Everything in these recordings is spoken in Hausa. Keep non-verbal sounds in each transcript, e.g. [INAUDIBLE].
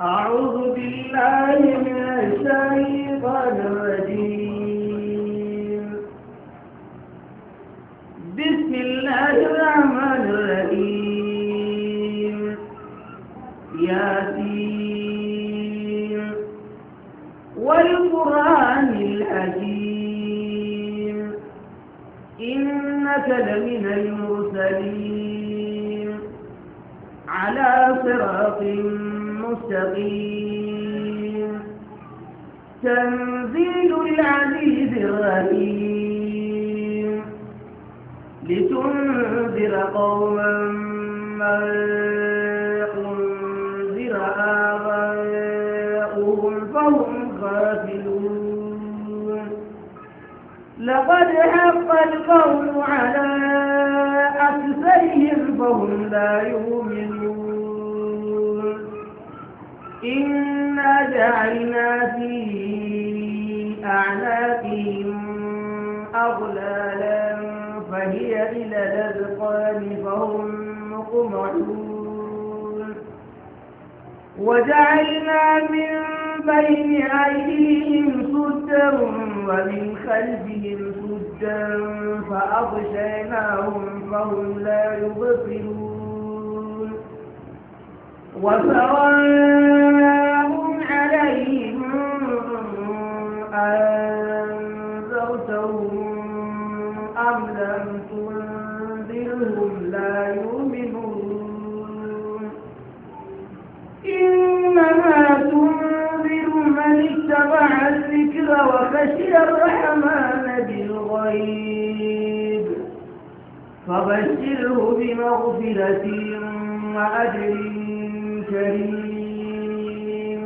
أعوذ بالله من الشيطان الرجيم بسم الله الرحمن الرحيم ياسين والقرآن الحكيم إنك لمن المرسلين على صراط المتقين تنزيل العزيز الرحيم لتنذر قوما ما أنذر آباؤهم فهم غافلون لقد حق القول على أكثرهم فهم لا يؤمنون إنا جعلنا في أعناقهم أغلالا فهي إلى الأذقان فهم مقمحون وجعلنا من بين أيديهم سدا ومن خلفهم سدا فأغشيناهم فهم لا يبصرون عليهم أم لم لا يؤمنون إنما تنذر من اتبع الذكر وخشي بالغيب فبشره بمغفرة وأجر كريم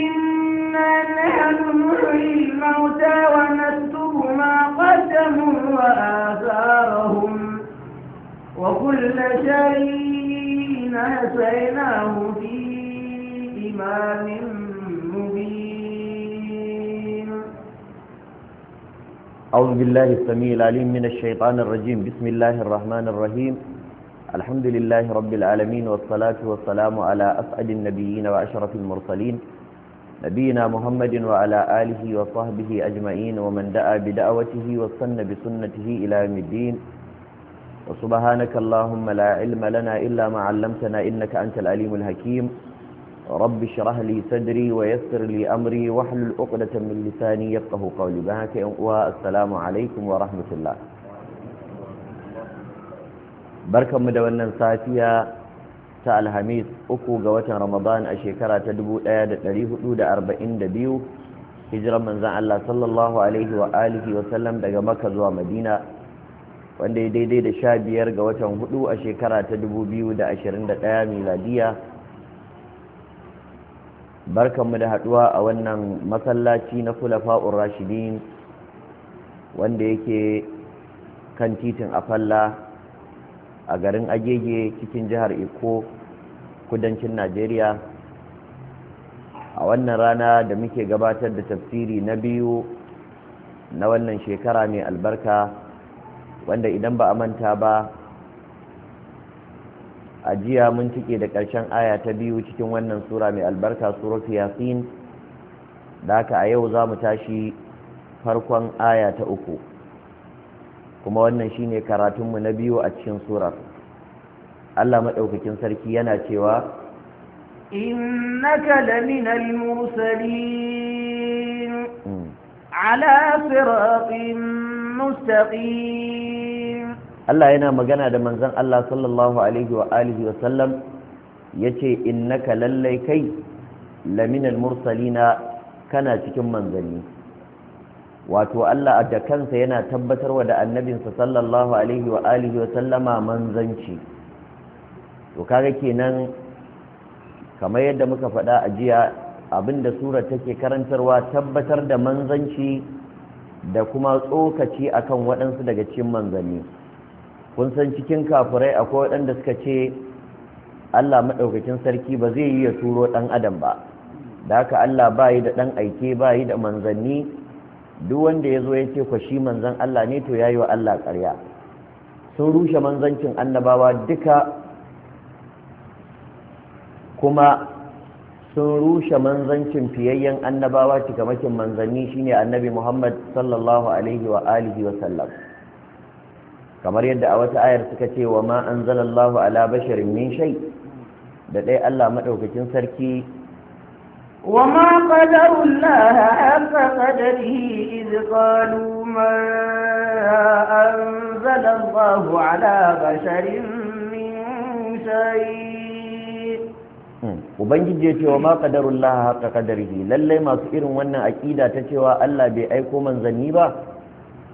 إنا نحن نحيي الموتى ونكتب ما قدموا وآثارهم وكل شيء أتيناه في إمام مبين أعوذ بالله السميع العليم من الشيطان الرجيم بسم الله الرحمن الرحيم الحمد لله رب العالمين والصلاة والسلام على أسعد النبيين وأشرف المرسلين نبينا محمد وعلى آله وصحبه أجمعين ومن دعا بدعوته والسن بسنته إلى يوم الدين وسبحانك اللهم لا علم لنا إلا ما علمتنا إنك أنت العليم الحكيم رب اشرح لي صدري ويسر لي أمري واحلل عقدة من لساني يفقه قولي بهك والسلام عليكم ورحمة الله barkanmu da wannan safiya ta alhamis uku ga watan ramadan a shekara ta 1442 hijiran manzan Allah sallallahu alaihi wa alihi wa sallam daga maka zuwa madina wanda ya daidai da sha biyar ga watan hudu a shekara ta 2021 miladiya barkanmu da haduwa a wannan masallaci na kulafa'ur rashidin wanda yake kan titin afalla a garin agege cikin jihar iko kudancin najeriya a wannan rana da muke gabatar da tafsiri na biyu na wannan shekara mai albarka wanda idan ba a manta ba a jiya mun cike da ƙarshen aya ta biyu cikin wannan sura mai albarka suratu yasin da aka a yau za mu tashi farkon aya ta uku kuma wannan shine karatunmu na biyu a cikin surar Allah maɗaukakin sarki yana cewa innaka laminal mursalin hmm. ala siratin mustaqim Allah yana magana da manzon Allah sallallahu alaihi wa alihi wa sallam yace innaka lallai kai laminal mursalina kana cikin manzanni wato Allah da kansa yana tabbatarwa da annabinsa sallallahu alaihi wa alihi wa sallama manzanci to kaga kenan kamar yadda muka faɗa a jiya abinda sura take karantarwa tabbatar da manzanci da kuma tsokaci akan waɗansu daga cikin manzanni kun san cikin kafirai akwai waɗanda suka ce Allah maɗaukakin sarki ba zai yi ya turo ɗan adam ba da haka Allah ba yi da ɗan aike ba yi da manzanni duk wanda ya zo ya ce ku shi manzan Allah ne to yayi wa Allah ƙarya sun rushe manzancin annabawa duka kuma sun rushe manzancin fiyayyen annabawa cikamakin manzanni shine annabi Muhammad sallallahu alaihi wa alihi wa sallam kamar yadda a wata ayar suka ce wa ma anzalallahu ala basharin min shay da dai Allah madaukakin sarki وما قدروا الله حق قدره إذ قالوا ما أنزل الله على بشر من شيء hmm. Ubangiji ya ce wa ma haka haqqa lallai masu irin wannan aƙida ta cewa Allah bai aiko manzanni ba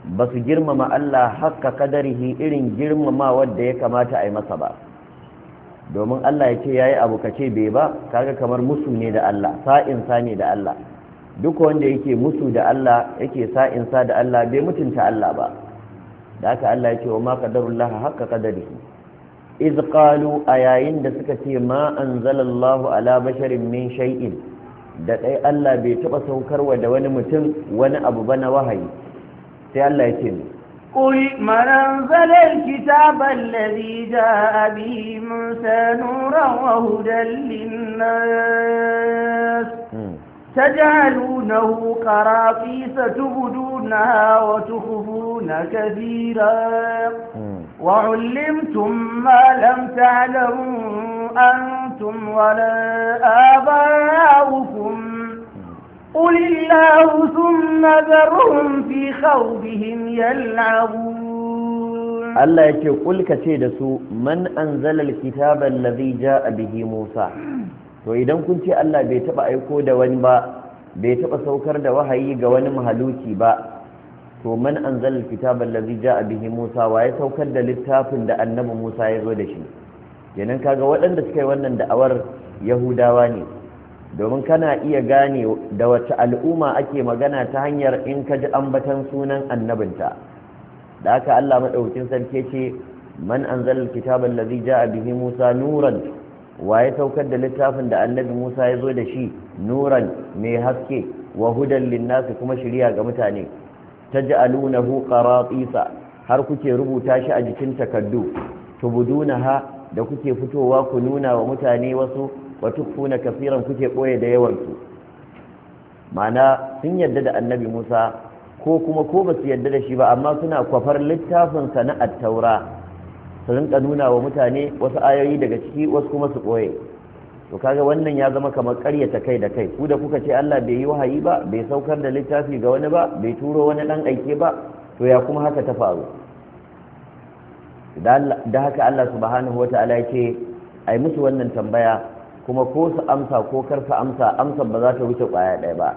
ba su girmama Allah haka qadarihi irin girmama wanda ya kamata a yi masa ba domin Allah ya ce ya yi abu kace bai ba kaga kamar musu ne da Allah sa'insa ne da Allah duk wanda yake musu da Allah yake sa'insa da Allah bai mutunta Allah ba da aka Allah ya ce wa ma qadarullahi haqqa qadarihi iz qalu a yayin da suka ce ma anzalallahu ala basharin min shay'in da dai Allah bai taba saukarwa da wani mutum wani abu ba na wahayi sai Allah ya ce قل من أنزل الكتاب الذي جاء به موسى نورا وهدى للناس تجعلونه قراطيس تبدونها وتخفون كثيرا وعلمتم ما لم تعلموا أنتم ولا آباؤكم قل الله ثم ذرهم في خوضهم يلعبون الله يكي قل كتيد سوء من أنزل الكتاب الذي جاء به موسى وإذا كنت الله بيتبع يقود ونبا بيتبع سوكر دوهي قوان مهلوكي با to man anzal kitaba allazi jaa bihi Musa wa ya saukar da littafin da annabi Musa ya zo da shi kenan kaga waɗanda suka yi wannan da'awar Yahudawa ne domin kana iya gane da wata al'umma ake magana ta hanyar in ka ji ambatan sunan annabinta da haka Allah maɗaukin sarki ce man anzal alkitaba allazi jaa bihi Musa nuran wa ya saukar da littafin da annabi Musa ya zo da shi nuran mai haske wa hudan linnasi kuma shiriya ga mutane taj'alunahu qaratisa har kuke rubuta shi a jikin takaddu tubudunaha da kuke fitowa ku nuna wa mutane wasu wa tukfuna kafiran kuke ɓoye da yawan su mana sun yadda da annabi Musa ko kuma ko ba su yadda da shi ba amma suna kwafar littafin sa na at-taura su rinka nuna wa mutane wasu ayoyi daga ciki wasu kuma su ɓoye. to kaga wannan ya zama kamar ƙaryata kai da kai ku da kuka ce Allah bai yi wahayi ba bai saukar da littafi ga wani ba bai turo wani dan aike ba to ya kuma haka ta faru da haka Allah subhanahu wataala ya ce ai musu wannan tambaya kuma ko su amsa ko kar su amsa amsa ba za ta wuce kwaya ɗaya ba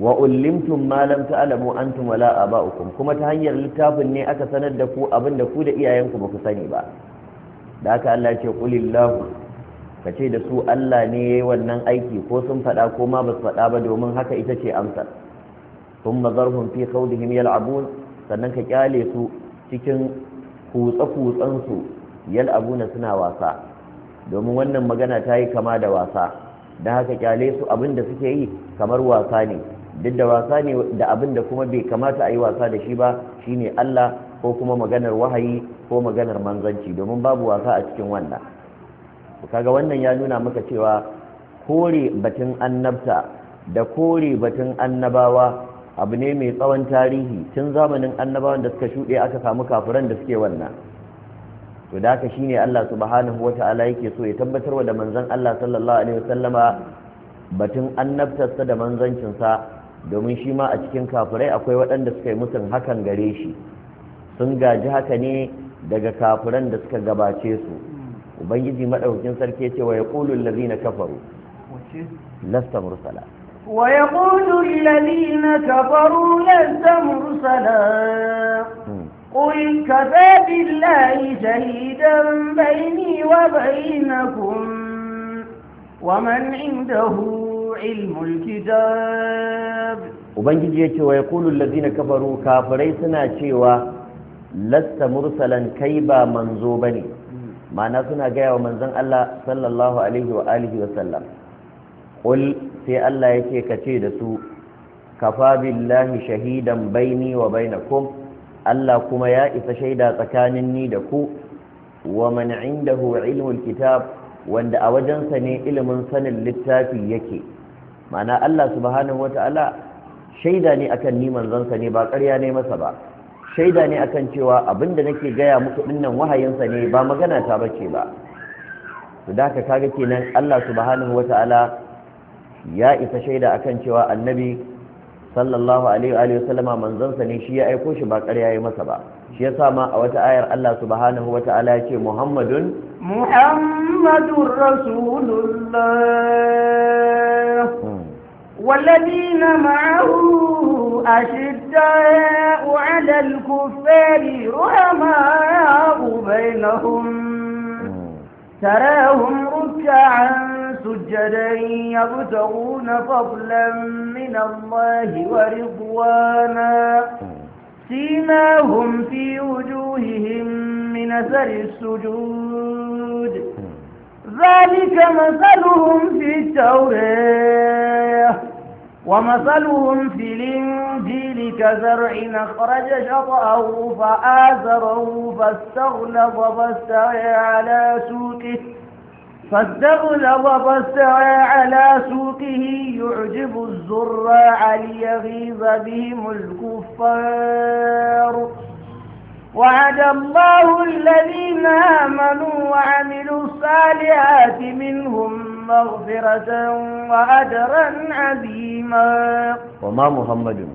wa malam ma lam ta'lamu antum wala aba'ukum kuma ta hanyar littafin ne aka sanar da ku abin da ku da iyayenku ba ku sani ba da haka Allah ya ce qulillahu ka ce da su Allah ne yayi wannan aiki ko sun faɗa ko ma ba su faɗa ba domin haka ita ce amsa thumma zarhum fi khawdihim yal'abun sannan ka kyale su cikin kutsa kutsan su yal'abuna suna wasa domin wannan magana ta yi kama da wasa don haka kyale su abin da suke yi kamar wasa ne duk da wasa ne da abin da kuma bai kamata a yi wasa da shi ba shine Allah ko kuma maganar wahayi ko maganar manzanci domin babu wasa a cikin wannan kaga wannan ya nuna maka cewa kore batun annabta da kore batun annabawa abu ne mai tsawon tarihi tun zamanin annabawan da suka shuɗe aka samu kafiran da suke wannan to da haka shine Allah subhanahu wata'ala yake so ya tabbatarwa da manzon Allah sallallahu alaihi wasallama batun annabtarsa da manzancinsa domin shi ma a cikin kafirai akwai waɗanda suka yi hakan gare shi sun gaji haka ne daga kafiran da suka gabace su ubangiji madaukakin sarki ce wa yaqulu allazina kafaru lasta mursala wa yaqulu allazina kafaru lasta mursala قل كفى بالله شهيدا بيني وبينكم ومن عنده علم الكتاب ubangiji yace wa yaqulu allazina kafaru kafirai suna cewa lasta mursalan kai ba manzo bane ma'ana suna gaya wa manzon Allah sallallahu alaihi wa alihi wa sallam qul sai Allah yake kace da su kafa billahi shahidan baini wa bainakum Allah kuma ya isa shaida tsakanin ni da ku wa man indahu ilmul kitab wanda a wajensa ne ilimin sanin littafi yake mana Allah subhanahu ta'ala shaida ne akan ni manzansa ne ba ƙarya ne masa ba shaida ne akan cewa abinda nake gaya muku dinnan wahayinsa ne ba magana ta bace ba Su da ka kaga kenan Allah subhanahu ta'ala ya isa shaida akan cewa annabi sallallahu alaihi wa sallama manzansa ne shi ya aiko shi ba ƙarya ya masa ba shi ya sa ma a wata ayar Allah subhanahu wa ta'ala ya ce Muhammadun Muhammadur Rasulullah والذين معه أشداء على الكفار رحماء بينهم تراهم ركعا سجدا يبتغون فضلا من الله ورضوانا سيماهم في وجوههم من أثر السجود ذلك مثلهم في التوراة ومثلهم في الإنجيل كزرع أخرج شطأه فآزره فاستغلظ فاستوى على سوقه فالدغل فاستوى على سوقه يعجب الزراع ليغيظ بهم الكفار وعد الله الذين آمنوا وعملوا الصالحات منهم مغفرة وأجرا عظيما وما محمد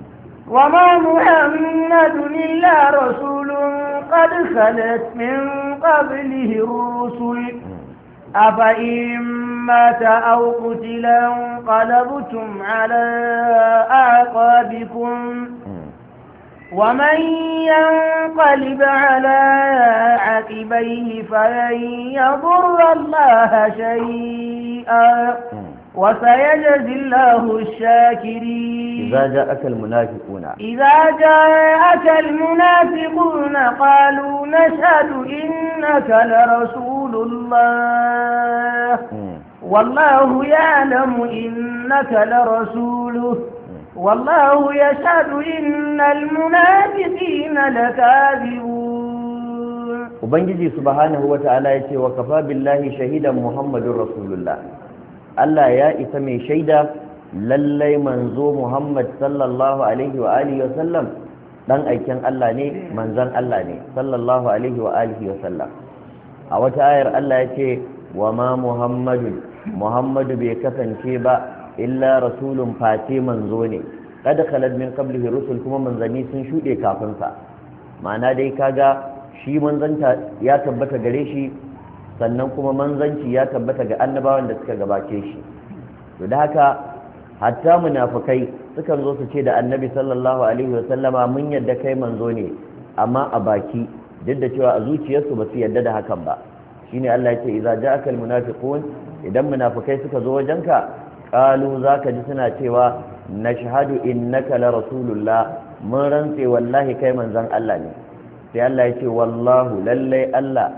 وما محمد إلا رسول قد خلت من قبله الرسل أفإن مات أو قتلا انقلبتم على أعقابكم ومن ينقلب على عقبيه فلن يضر الله شيئا وسيجزي الله الشاكرين إذا جاءك المنافقون إذا جاءك المنافقون قالوا نشهد إنك لرسول الله والله يعلم إنك لرسوله والله يشهد إن المنافقين لكاذبون وبنجي سبحانه وتعالى يتي وكفى بالله شهيدا محمد رسول الله ألا يا إثمي شيدا للي منزو محمد صلى الله عليه وآله وسلم dan aikin Allah ne manzan Allah ne sallallahu alaihi wa alihi wa sallam a wata ayar Allah ya ce wa ma muhammadu muhammadu bai kasance ba illa rasulun face manzo ne kad khalad min qablihi rusul kuma manzani sun shude kafin sa ma'ana dai kaga shi manzanta ya tabbata gare shi sannan kuma manzanci ya tabbata ga annabawan da suka gabace shi to da haka hatta munafukai sukan zo su ce da annabi sallallahu alaihi wasallama mun yadda kai manzo ne amma a baki duk da cewa a zuciyarsu ba su yadda da hakan ba shine Allah yake idza ja'aka almunafiqun idan munafikai suka zo wajenka qalu zaka ji suna cewa nashhadu innaka la rasulullah mun rantse wallahi kai manzon Allah ne sai Allah yake wallahu lallai Allah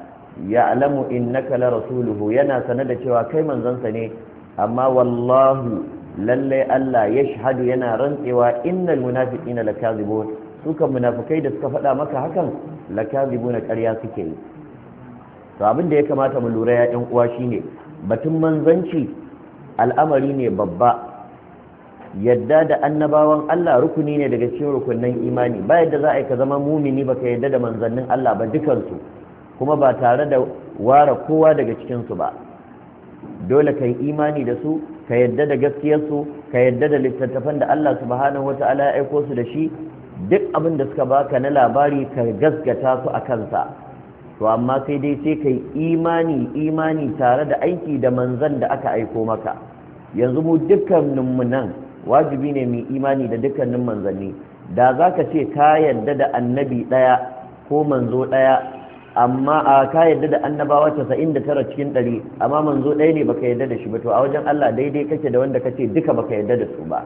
ya'lamu innaka la rasuluhu yana sanar da cewa kai manzon sa ne amma wallahu lallai Allah ya shahadu yana rantsewa innal munafiqina lakazibun kan munafikai da suka faɗa maka hakan lakazibuna ƙarya suke yi to abin da ya kamata mu lura ya ɗan uwa shine batun manzanci al'amari ne babba yadda da annabawan Allah rukuni ne daga cikin rukunnan imani ba yadda za a yi ka zama mumini baka yadda da manzannin Allah ba dukansu kuma ba tare da ware kowa daga cikinsu ba dole ka imani da su ka yadda da gaskiyarsu ka yadda da littattafan da Allah subhanahu wata'ala ya aiko su da shi duk abin da suka baka na labari ka gaskata su a kansa to amma sai dai sai ka imani imani tare da aiki da manzan da aka aiko maka yanzu mu dukkaninmu nan wajibi ne mu imani da dukkanin manzanni da za ka ce ka yadda da annabi ɗaya ko manzo ɗaya amma a ka yadda da annabawa da tara cikin ɗari amma manzo ɗaya ne baka yadda da shi ba to a wajen Allah daidai kake da wanda kace duka baka yadda da su ba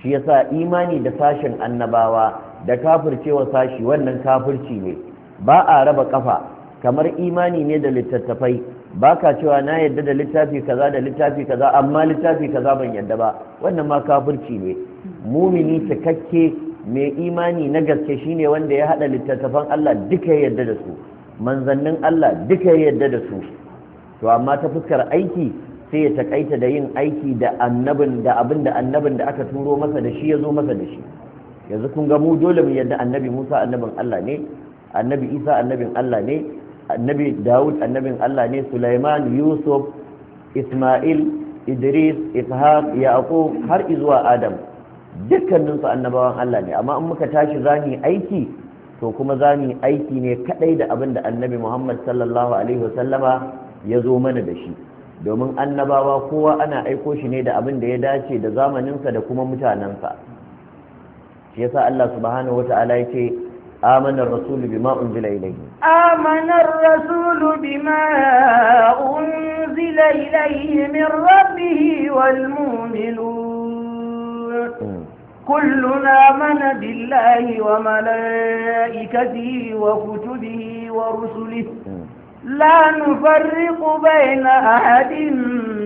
shi yasa imani da sashin annabawa da kafircewa sashi wannan kafirci ne ba a raba kafa kamar imani ne da littattafai ba ka cewa na yadda da littafi kaza da littafi kaza amma littafi kaza ban yadda ba wannan ma kafirci ne mumini cikakke mai imani na gaske shine wanda ya haɗa littattafan Allah duka yadda da su manzannin Allah duka yadda da su to amma ta fuskar aiki sai ya takaita da yin aiki da annabin da abin da annabin da aka turo masa da shi ya zo masa da shi yanzu kun ga mu dole mu yadda annabi Musa annabin Allah ne annabi Isa annabin Allah ne annabi Dawud annabin Allah ne Sulaiman Yusuf Ismail Idris Ishaq Yaqub har izuwa Adam dukkaninsu annabawan Allah ne amma in muka tashi zani aiki to kuma zani aiki ne kadai da abinda annabi Muhammad sallallahu alaihi wasallama ya zo mana da shi domin annabawa kowa ana aiko shi ne da abin da ya dace da zamaninsa da kuma mutanensa shi yasa Allah subhanahu wata'ala yake آمن الرسول بما أنزل إليه آمن الرسول بما أنزل إليه من ربه والمؤمنون كلنا من بالله وملائكته وكتبه ورسله لا نفرق بين أحد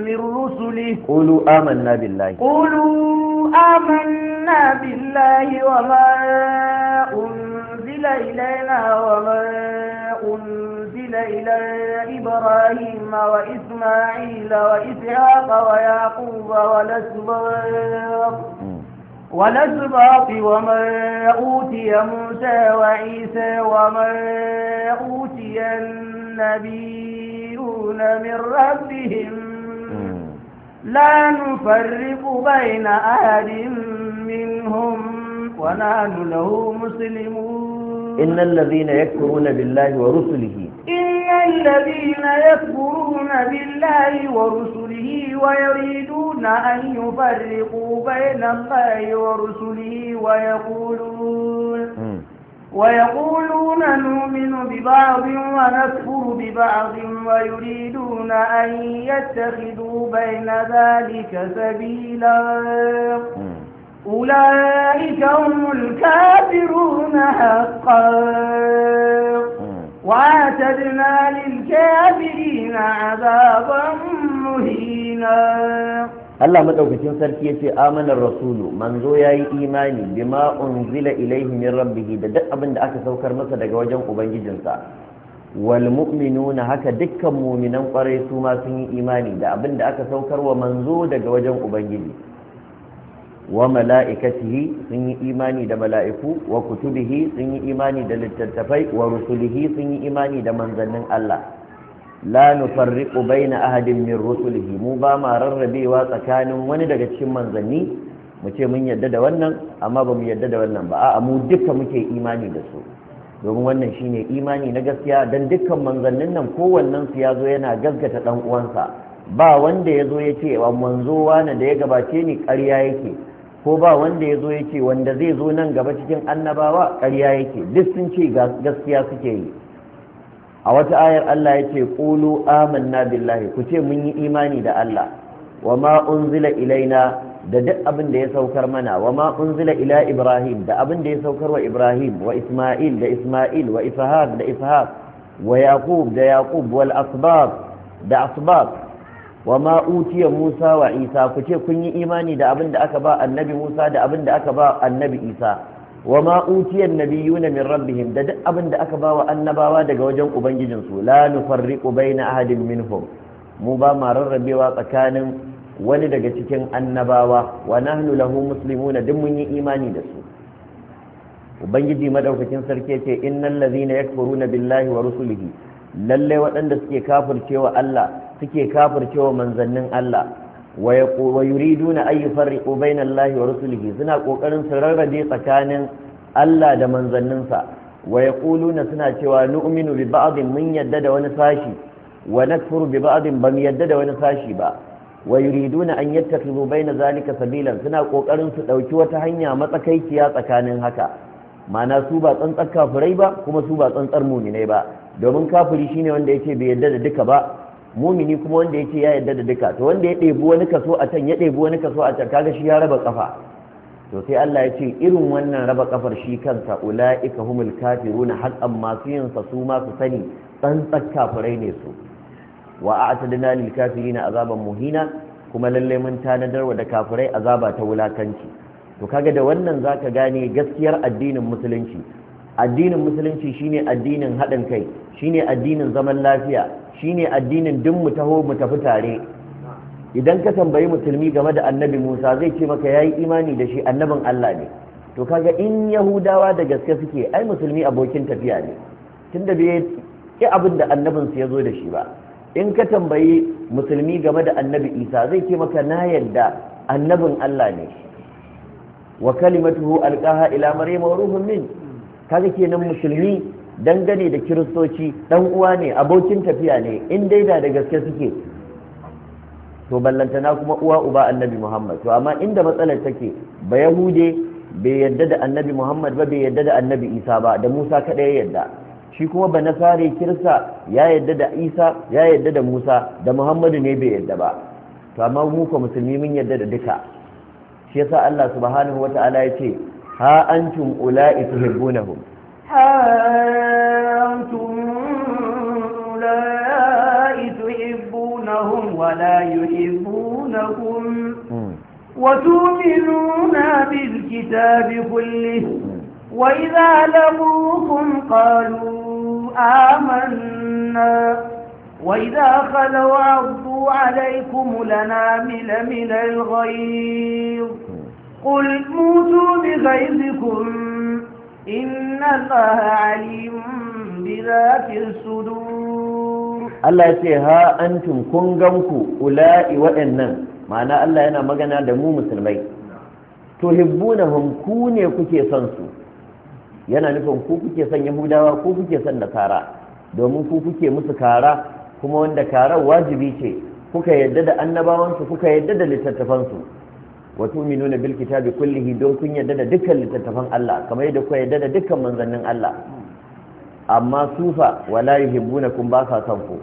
من رسله قولوا آمنا بالله قولوا آمنا بالله وما أنزل إلينا وما أنزل إلى إبراهيم وإسماعيل وإسحاق ويعقوب والأسباط والأسباط وما أوتي موسى وعيسى وما أوتي النبيون من ربهم لا نفرق بين أهل منهم ونحن له مسلمون إن الذين يكفرون بالله ورسله إن الذين يكفرون بالله ورسله ويريدون أن يفرقوا بين الله ورسله ويقولون ويقولون نؤمن ببعض ونكفر ببعض ويريدون أن يتخذوا بين ذلك سبيلا أولئك هم الكافرون حقا وأعتدنا للكافرين عذابا مهينا Allah madaukakin sarki ya ce amanar rasulu manzo ya yi imani bima unzila ilaihi min rabbihi da duk abin da aka saukar masa daga wajen ubangijinsa wal mu'minuna haka dukkan mu'minan kwarai su ma sun yi imani da abin da aka saukar wa manzo daga wajen ubangiji wa mala'ikatihi sun yi imani da mala'iku wa kutubihi sun yi imani da littattafai wa rusulihi sun yi imani da manzannin Allah la nufarriqu baina ahadin min rusulihi mu ba ma rarrabewa tsakanin wani daga cikin manzanni mu ce mun yadda da wannan amma ba mu yadda da wannan ba a'a mu duka muke imani da su domin wannan shine imani na gaskiya dan dukkan manzannin nan kowannen su yazo yana gaskata dan uwansa ba wanda yazo ya ce wa manzo wani da ya gabace ni ƙarya yake ko ba wanda ya zo ya ce wanda zai zo nan gaba cikin annabawa ƙarya yake duk sun ce gaskiya suke yi a wata ayar Allah ya ce ƙulu amanna billahi ku ce mun yi imani da Allah wa ma unzila ilaina da duk abin da ya saukar mana wa ma unzila ila ibrahim da abin da ya saukar wa ibrahim wa isma'il da isma'il wa ishaq da ishaq wa yaqub da yaqub wal asbab da asbab wa ma utiya Musa wa Isa ku ce kun yi imani da abin da aka ba annabi Musa da abin da aka ba annabi Isa wa ma utiya nabiyuna min rabbihim da duk abin da aka ba wa annabawa daga wajen ubangijin su la nufarriqu baina ahadin minhum mu ba ma rarrabewa tsakanin wani daga cikin annabawa wa nahnu lahu muslimuna duk mun yi imani da su ubangiji madaukakin sarki ce innal ladhina yakfuruna billahi wa rusulihi lallai waɗanda suke kafircewa Allah suke kafircewa manzannin Allah wa yuriduna an yufarriqu bayna Allah wa suna ƙoƙarin su rarrabe tsakanin Allah da manzanninsa wa suna cewa nu'minu bi ba'din mun yadda da wani sashi wa nakfuru bi ba'din bam yadda da wani sashi ba wa yuriduna an yattakhidhu bayna zalika sabilan suna kokarin su ɗauki wata hanya matsakaiciya tsakanin haka ma'ana su ba tsantsar kafirai ba kuma su ba tsantsar muminai ba domin kafiri shine wanda yace bai yarda da duka ba mumini kuma wanda yace ya yarda da duka to wanda ya ɗebi wani kaso a can ya ɗebi wani kaso a can kaga shi ya raba kafa to sai Allah ya ce irin wannan raba kafar shi kansa ula'ika humul kafiruna haqqan masu yin sa su ma su sani tsantsar kafirai ne su wa a'tadna lil kafirina azaban muhina kuma lalle mun tanadar wa da kafirai azaba ta wulakanci to kaga da wannan zaka gane gaskiyar addinin musulunci addinin musulunci shine addinin haɗin kai shine addinin zaman lafiya shine addinin duk mu taho mu tafi tare idan ka tambayi musulmi game da annabi Musa zai ce maka yayi imani da shi annabin Allah ne to kaga in yahudawa da gaske suke ai musulmi abokin tafiya ne tunda bai ki abin da annabin su yazo da shi ba in ka tambayi musulmi game da annabi Isa zai ce maka na yarda annabin Allah ne wa kalimatuhu alqaha ila maryama wa ruhun min kaga kenan musulmi dangane da kiristoci dan uwa ne abokin tafiya ne in dai da da gaske suke to ballantana kuma uwa uba annabi muhammad to amma inda matsalar take ba yahude bai yadda da annabi muhammad ba bai yadda da annabi isa ba da musa kaɗai ya yadda shi kuma ba nasare kirsa ya yadda da isa ya yadda da musa da muhammadu ne bai yadda ba to amma mu ko musulmi mun yadda da duka shi yasa allah subhanahu wata'ala ya ce ها أنتم أولئك تحبونهم ها أنتم أولئك ولا يحبونكم وتؤمنون بالكتاب كله وإذا لموكم قالوا آمنا وإذا خلوا عضوا عليكم لنا من الغيظ قل موتوا بغيظكم إن الله عليم بذات الصدور الله يسي ها أنتم كنغمكو أولئي وإنن معنى الله ينا مغنى دمو مسلمين تحبونهم kuke son su? yana nufin ku kuke son yahudawa ku kuke son nasara domin ku kuke musu kara kuma wanda karar wajibi ce kuka yadda da annabawansu kuka yadda da littattafansu wa tu'minuna bil kitabi kullihi don kun yarda da dukkan littattafan Allah kamar yadda kuka yarda da dukkan manzannin Allah amma sufa wala himbuna ba sa son ku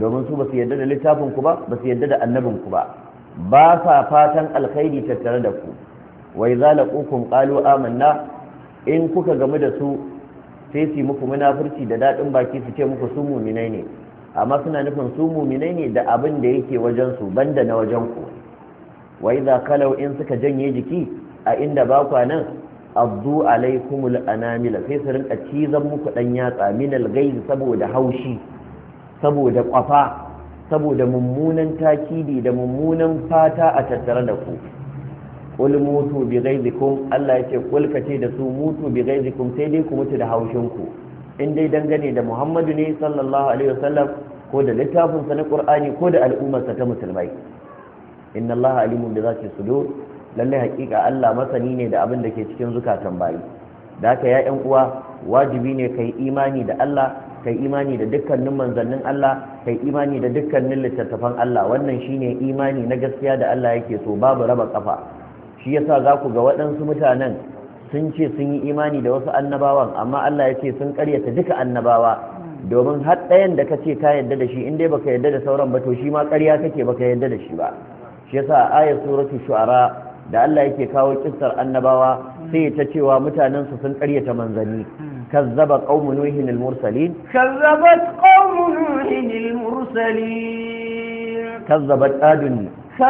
domin su basu su yarda da littafin ku ba basu su yarda da annabin ku ba ba sa fatan alkhairi tattare da ku wai idza laqukum qalu amanna in kuka gamu da su sai su muku munafurci da dadin baki su ce muku su mu'minai ne amma suna nufin su mu'minai ne da abin da yake wajen su banda na wajen ku wa idza kalau in suka janye jiki a inda ba kwa nan abdu alaikumul anamila sai su rinka cizan muku dan yatsa min alghayz saboda haushi saboda kwafa saboda mummunan takidi da mummunan fata a tattare da ku qul mutu bi ghayzikum Allah yace qul kace da su mutu bi ghayzikum sai dai ku mutu da haushin ku in dai dangane da Muhammadu ne sallallahu alaihi wasallam ko da littafin sa na Qur'ani ko da al'ummar sa ta musulmai inna Allah alimun ke su sudur lalle hakika Allah masani ne da abin da ke cikin zukatan bayi da haka ya uwa wajibi ne kai imani da Allah kai imani da dukkanin manzannin Allah kai imani da dukkanin littattafan Allah wannan shine imani na gaskiya da Allah yake so babu raba kafa shi yasa za ku ga waɗansu mutanen sun ce sun yi imani da wasu annabawan amma Allah ya ce sun karyata duka annabawa domin har ɗayan da ka ce ka yadda da shi in dai baka yadda da sauran ba to shi ma karya kake baka yadda da shi ba shi yasa ayat suratu shu'ara da Allah yake kawo kissar annabawa sai ta cewa mutanen su sun karyata manzani. كذب قوم نوح المرسلين كذبت قوم نوح المرسلين كذبت عاد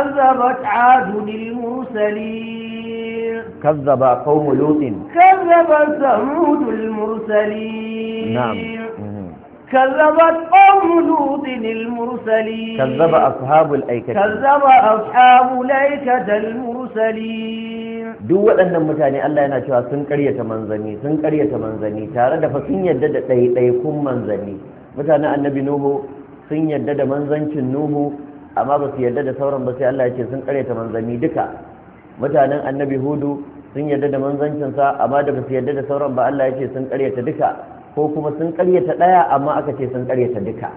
كذبت عاد المرسلين كذب قوم لوط كذب ثمود كذبت قوم لوط المرسلين كذب أصحاب الأيكة كذب أصحاب الأيكة المرسلين duk waɗannan mutane Allah yana cewa sun ƙaryata manzanni sun ƙaryata manzanni tare da fa sun yadda da ɗaiɗaikun manzanni mutanen annabi Nuhu sun yadda da manzancin Nuhu amma ba su yadda da sauran ba sai Allah ya ce sun ƙaryata manzanni duka mutanen annabi Hudu sun yadda da manzancinsa amma da ba su yadda da sauran ba Allah ya ce sun ƙaryata duka ko kuma sun karyata ɗaya amma aka ce sun karyata duka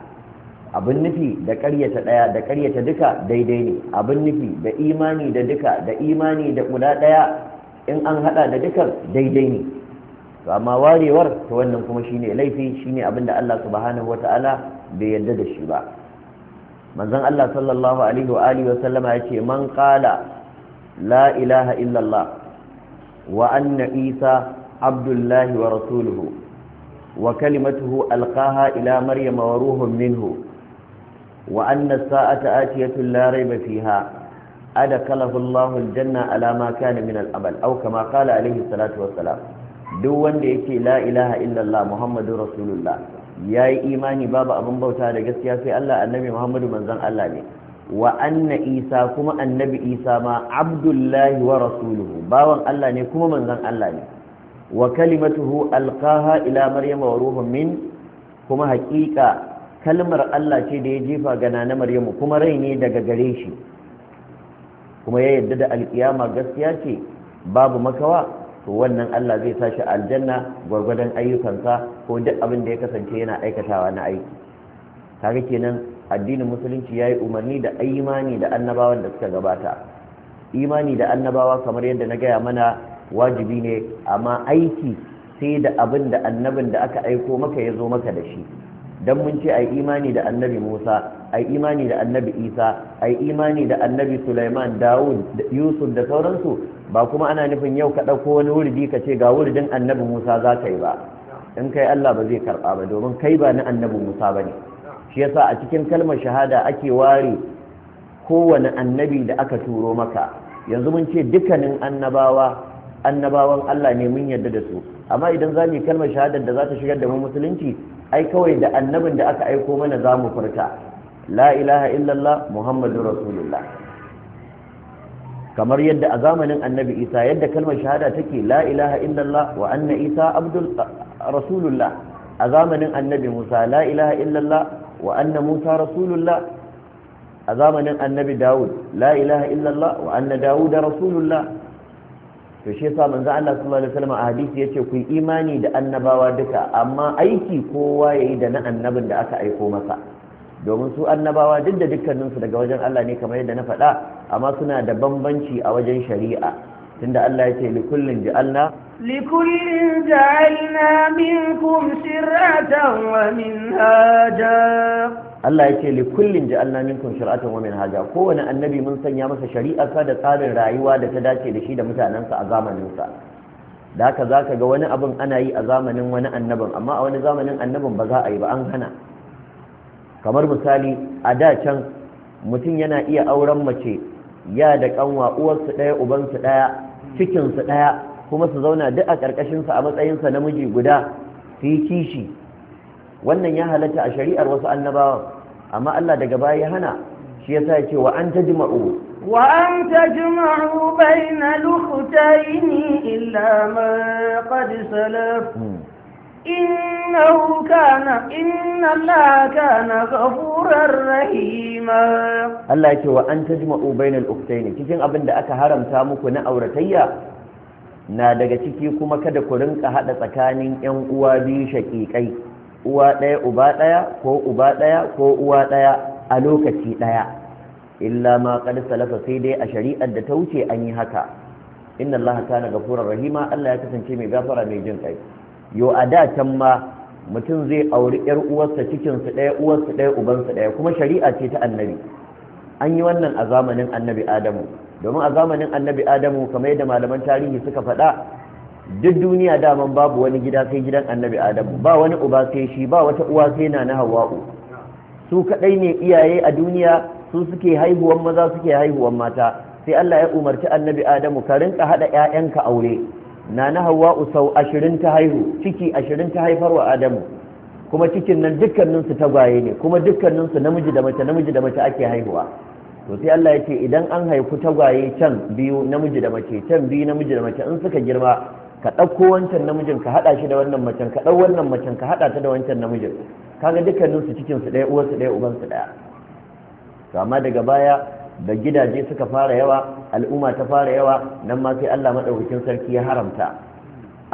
abin nufi da karyata ɗaya da karyata duka daidai ne abin nufi da imani da duka da imani da guda ɗaya in an haɗa da dukan daidai ne to amma warewar ta wannan kuma shine laifi shine abin da Allah subhanahu wata'ala bai yarda da shi ba manzon Allah sallallahu alaihi wa alihi wa sallama yace man qala la ilaha illallah wa anna isa abdullahi wa rasuluhu wa kalimatuhu alqaha ila maryama wa ruhu minhu wa anna sa'ata atiyatun la rayba fiha adakalahu Allahu aljanna ala ma kana min al-amal aw kama qala alayhi salatu wa salam duk wanda yake la ilaha illa Allah muhammadur rasulullah yayi imani babu abin bauta da gaskiya sai Allah annabi muhammadu manzon Allah ne wa isa kuma annabi isa ma abdullahi wa rasuluhu bawan Allah ne kuma manzon Allah ne wa kalimatuhu alqaha ila maryama wa ruhun min kuma haƙiƙa kalmar Allah ce da ya jefa ga nana Maryamu kuma rai ne daga gare shi kuma ya yadda da alkiyama gaskiya ce babu makawa to wannan Allah zai sa shi aljanna gwargwadon ayyukansa ko duk abin da ya kasance yana aikatawa na aiki kaga kenan addinin musulunci yayi umarni da imani da annabawan da suka gabata imani da annabawa kamar yadda na gaya mana wajibi ne amma aiki sai da abin da annabin da aka aiko maka ya zo maka da shi dan mun ce ai imani da annabi Musa ai imani da annabi Isa ai imani da annabi Sulaiman Dawud Yusuf da sauransu ba kuma ana nufin yau ka ɗauko wani wurdi ka ce ga wurdin annabi Musa za ka yi ba in kai Allah ba zai karɓa ba domin kai ba na annabi Musa ba ne shi yasa a cikin kalmar shahada ake ware kowane annabi da aka turo maka yanzu mun ce dukkanin annabawa annabawan Allah ne mun yarda da su amma idan za mu yi kalmar shahadar da za ta shigar da mu musulunci ai kawai da annabin da aka aiko mana za mu furta la ilaha illallah muhammadu rasulullah kamar yadda a zamanin annabi isa yadda kalmar shahada take la ilaha illallah wa anna isa abdul rasulullah a zamanin annabi musa la ilaha illallah wa anna musa rasulullah a zamanin annabi dawud la ilaha illallah wa anna dawuda rasulullah to shi yasa manzo Allah sallallahu alaihi wasallam a hadisi yace ku imani da annabawa duka amma aiki kowa yayi da na annabin da aka aiko masa domin su annabawa duk da dukkanin su daga wajen Allah ne kamar yadda na faɗa amma suna da bambanci a wajen shari'a tunda Allah yace li kullin ja'alna li kullin ja'alna minkum sirratan wa minhaja Allah ya ce li kullin ja'alna minkum shir'atan wa minhaja kowane annabi mun sanya masa shari'arsa da tsarin rayuwa da ta dace da shi da mutanensa a zamanin sa da haka zaka ga wani abun ana yi a zamanin wani annabin amma a wani zamanin annabin ba za a yi ba an hana kamar misali a da can mutum yana iya auren mace ya da kanwa uwarsu daya, ubansu ɗaya cikinsu daya, kuma su zauna duk a sa a matsayin sa namiji guda su yi kishi wannan ya halatta a shari'ar wasu annabawan amma Allah daga baya ya hana shi yasa sa ce wa an tajma'u wa an tajma'u bayna lukhtaini illa ma qad salaf hmm. innahu kana inna laka na ghafurar rahima Allah ya ce wa an tajma'u bayna al-ukhtaini cikin abin da aka haramta muku na auratayya na daga ciki kuma kada ku rinka haɗa tsakanin yan uwa biyu shaƙiƙai uwa ɗaya uba ɗaya ko uba ɗaya ko uwa ɗaya a lokaci ɗaya illa ma qad salafa sai dai a shari'ar da ta wuce an yi haka inna allaha kana ghafurur rahima Allah ya kasance mai gafara mai jin kai yo a da can ma mutum zai auri yar uwarsa cikin su ɗaya uwarsa ɗaya ubansa ɗaya kuma shari'a ce ta annabi an yi wannan a zamanin annabi adamu domin a zamanin annabi adamu kamar yadda malaman tarihi suka faɗa duk duniya daman babu wani gida sai gidan annabi adamu ba wani uba sai shi ba wata uwa sai na na hawa'u su kadai ne iyaye a duniya su suke haihuwan maza suke haihuwan mata sai Allah ya umarci annabi adamu ka rinka hada ƴaƴanka aure na na hawa'u sau ashirin ta haihu ciki ashirin ta haifarwa adamu kuma cikin nan dukkaninsu tagwaye ne kuma dukkaninsu namiji da mace namiji da mace ake haihuwa to sai Allah ya ce idan an haifi tagwaye can biyu namiji da mace can biyu namiji da mace in suka girma ka ɗauko wancan namijin ka haɗa shi da wannan macen ka ɗau wannan macen ka haɗa ta da wancan namijin kaga dukkanin su cikin su ɗaya uwarsu ɗaya uban su ɗaya to amma daga baya da gidaje suka fara yawa al'umma ta fara yawa nan ma sai Allah madaukakin sarki ya haramta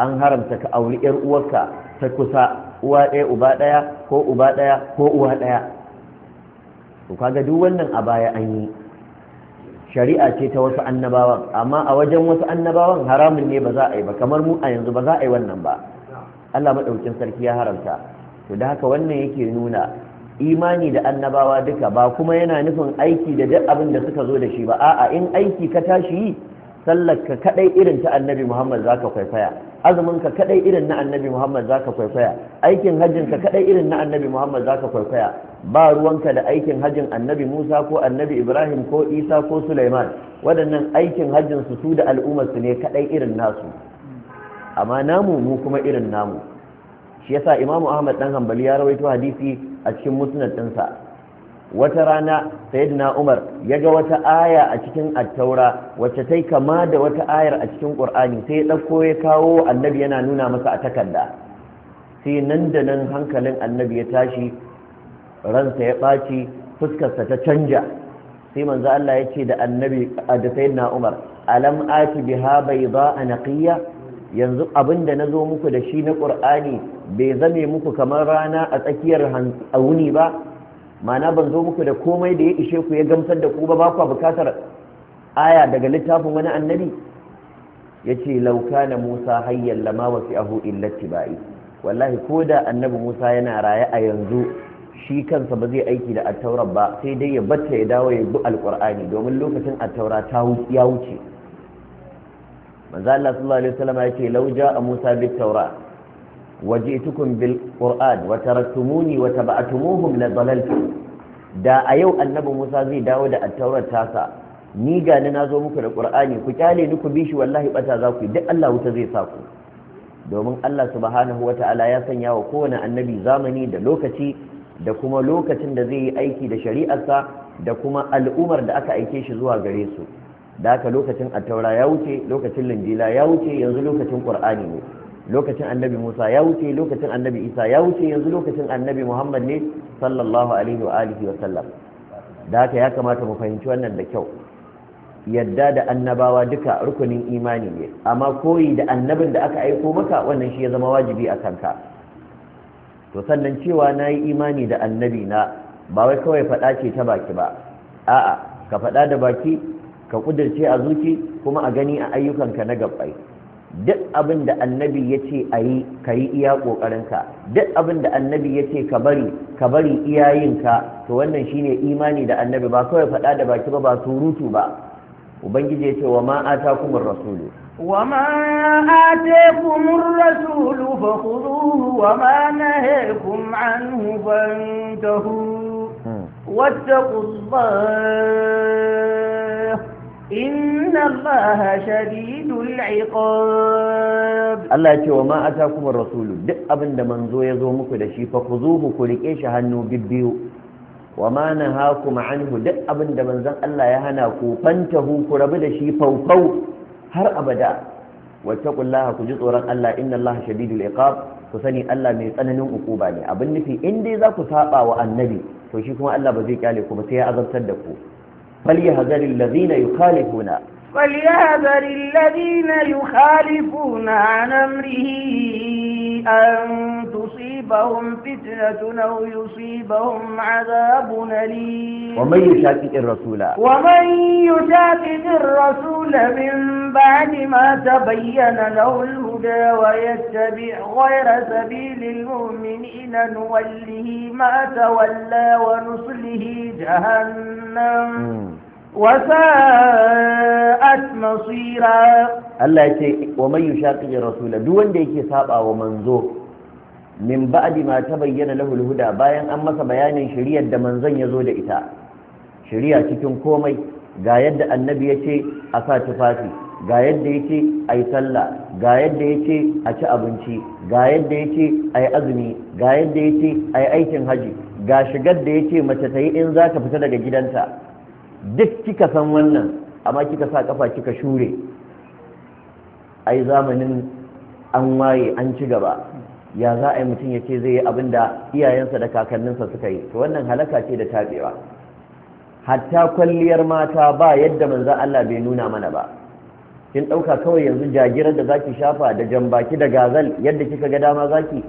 an haramta ka auri yar uwarka ta kusa uwa ɗaya uba ɗaya ko uba ɗaya ko uwa ɗaya to kaga duk wannan a baya an yi shari'a ce ta wasu annabawan amma a wajen wasu annabawan haramun ne ba za a yi ba kamar mu a yanzu ba za a yi wannan ba Allah maɗaukin sarki ya haramta to da haka wannan yake nuna imani da annabawa duka ba kuma yana nufin aiki da duk abin da suka zo da shi ba a'a in aiki ka tashi yi sallar kadai irin ta annabi Muhammad zaka kwaikwaya azumin ka kadai irin na annabi Muhammad zaka kwaikwaya aikin hajjin ka kadai irin na annabi Muhammad zaka kwaikwaya ba ruwanka da aikin hajjin annabi musa ko annabi ibrahim ko isa ko suleiman waɗannan aikin hajjin su su da al'ummarsu ne kaɗai irin nasu amma namu mu kuma irin namu shi yasa imamu ahmad dan hanbali ya rawaito hadisi a cikin musnad ɗinsa wata rana sayyidina umar ya ga wata aya a cikin attaura wacce ta kama da wata ayar a cikin qur'ani sai ya ɗauko ya kawo annabi yana nuna masa a takarda sai nan da nan hankalin annabi ya tashi ransa ya ɓaci fuskarsa ta canja sai manzo Allah ya ce da annabi da sayyidina Umar alam ati biha bayda anaqiya yanzu abinda nazo muku da shi na Qur'ani bai zame muku kamar rana a tsakiyar wuni ba ma'ana ban zo muku da komai da ya ishe ku ya gamsar da ku ba ba ku bukatar aya daga littafin wani annabi yace lauka kana Musa hayyan lama ahu illa tibai wallahi ko da annabi Musa yana raye a yanzu shi kansa ba zai aiki da attaura ba sai dai ya bata ya dawo ya bi alkur'ani domin lokacin attaura ta ya wuce manzo Allah sallallahu alaihi wasallam yake law jaa Musa bit taura waji'tukum bil qur'an wa taraktumuni wa taba'tumuhum la dalaltum da a yau annabi Musa zai dawo da attaura tasa ni ga ni nazo muku da qur'ani ku kyale ni ku bi shi wallahi bata za ku duk Allah wuta zai sa ku domin Allah subhanahu ta'ala ya sanya wa kowane annabi zamani da lokaci da kuma lokacin da zai yi aiki da shari'arsa da kuma al'umar da aka aike shi zuwa gare su da haka lokacin attaura ya wuce lokacin linjila ya wuce yanzu lokacin qur'ani ne lokacin annabi musa ya wuce lokacin annabi isa ya wuce yanzu lokacin annabi muhammad ne sallallahu alaihi wa alihi wa sallam da haka ya kamata mu fahimci wannan da kyau yadda da annabawa duka rukunin imani ne amma koyi da annabin da aka aiko maka wannan shi ya zama wajibi a kanka to sannan cewa na yi imani da annabi na ba wai kawai faɗa ce ta baki ba a'a ka faɗa da baki ka ƙudurce a zuci kuma a gani a ayyukanka na gabbai duk abin da annabi ya ce a yi ka yi iya ƙoƙarinka duk abin da annabi ya ce ka bari ka bari iyayenka to wannan shine imani da annabi ba kawai faɗa da baki ba ba surutu ba ubangiji ya ce wa ma'ata kuma rasulu وما آتيكم الرسول فخذوه وما نهيكم عنه فانتهوا واتقوا الله إن الله شديد العقاب الله يقول وما آتاكم الرسول دق أبن دمنزو يزومك دشي فخذوه كلكيش هنو ببيو وما نهاكم عنه دق أبن دمنزو الله يهناكو فانتهوا كرب دشي فوفو har abada wattaqullaha ku ji tsoron Allah inna Allaha shadidul iqab ku sani Allah mai tsananin ukuba ne abin nufi in dai za ku saba wa annabi to shi kuma Allah ba zai kyale ku ba sai ya azabtar da ku fal yahzaril ladina yukhalifuna fal yahzaril ladina yukhalifuna an amrihi أن تصيبهم فتنة أو يصيبهم عذاب أليم ومن يشاكك الرسول ومن يشاكك الرسول من بعد ما تبين له الهدى ويتبع غير سبيل المؤمنين نوله ما تولى ونصله جهنم wasa'at masira Allah ya ce wa man yushaqiqi rasula duk wanda yake saba wa manzo min ba'di ma tabayyana lahu al-huda bayan an masa bayanin shari'ar da manzon ya zo da ita shari'a cikin komai ga yadda annabi ya ce a sa tufafi ga yadda ya ce a yi sallah ga yadda ya ce a ci abinci ga yadda ya ce a yi azumi ga yadda ya ce a yi aikin haji ga shigar da ya ce mace ta yi in za fita daga gidanta duk kika san wannan amma kika sa kafa kika shure ai zamanin an waye an ci gaba ya za a yi mutum ya ce zai yi abin da iyayensa da kakanninsa suka yi to wannan halaka ce da tabewa hatta kwalliyar mata ba yadda manzan Allah bai nuna mana ba kin ɗauka kawai yanzu jagirar da zaki shafa da jambaki da gazal yadda kika ga dama zaki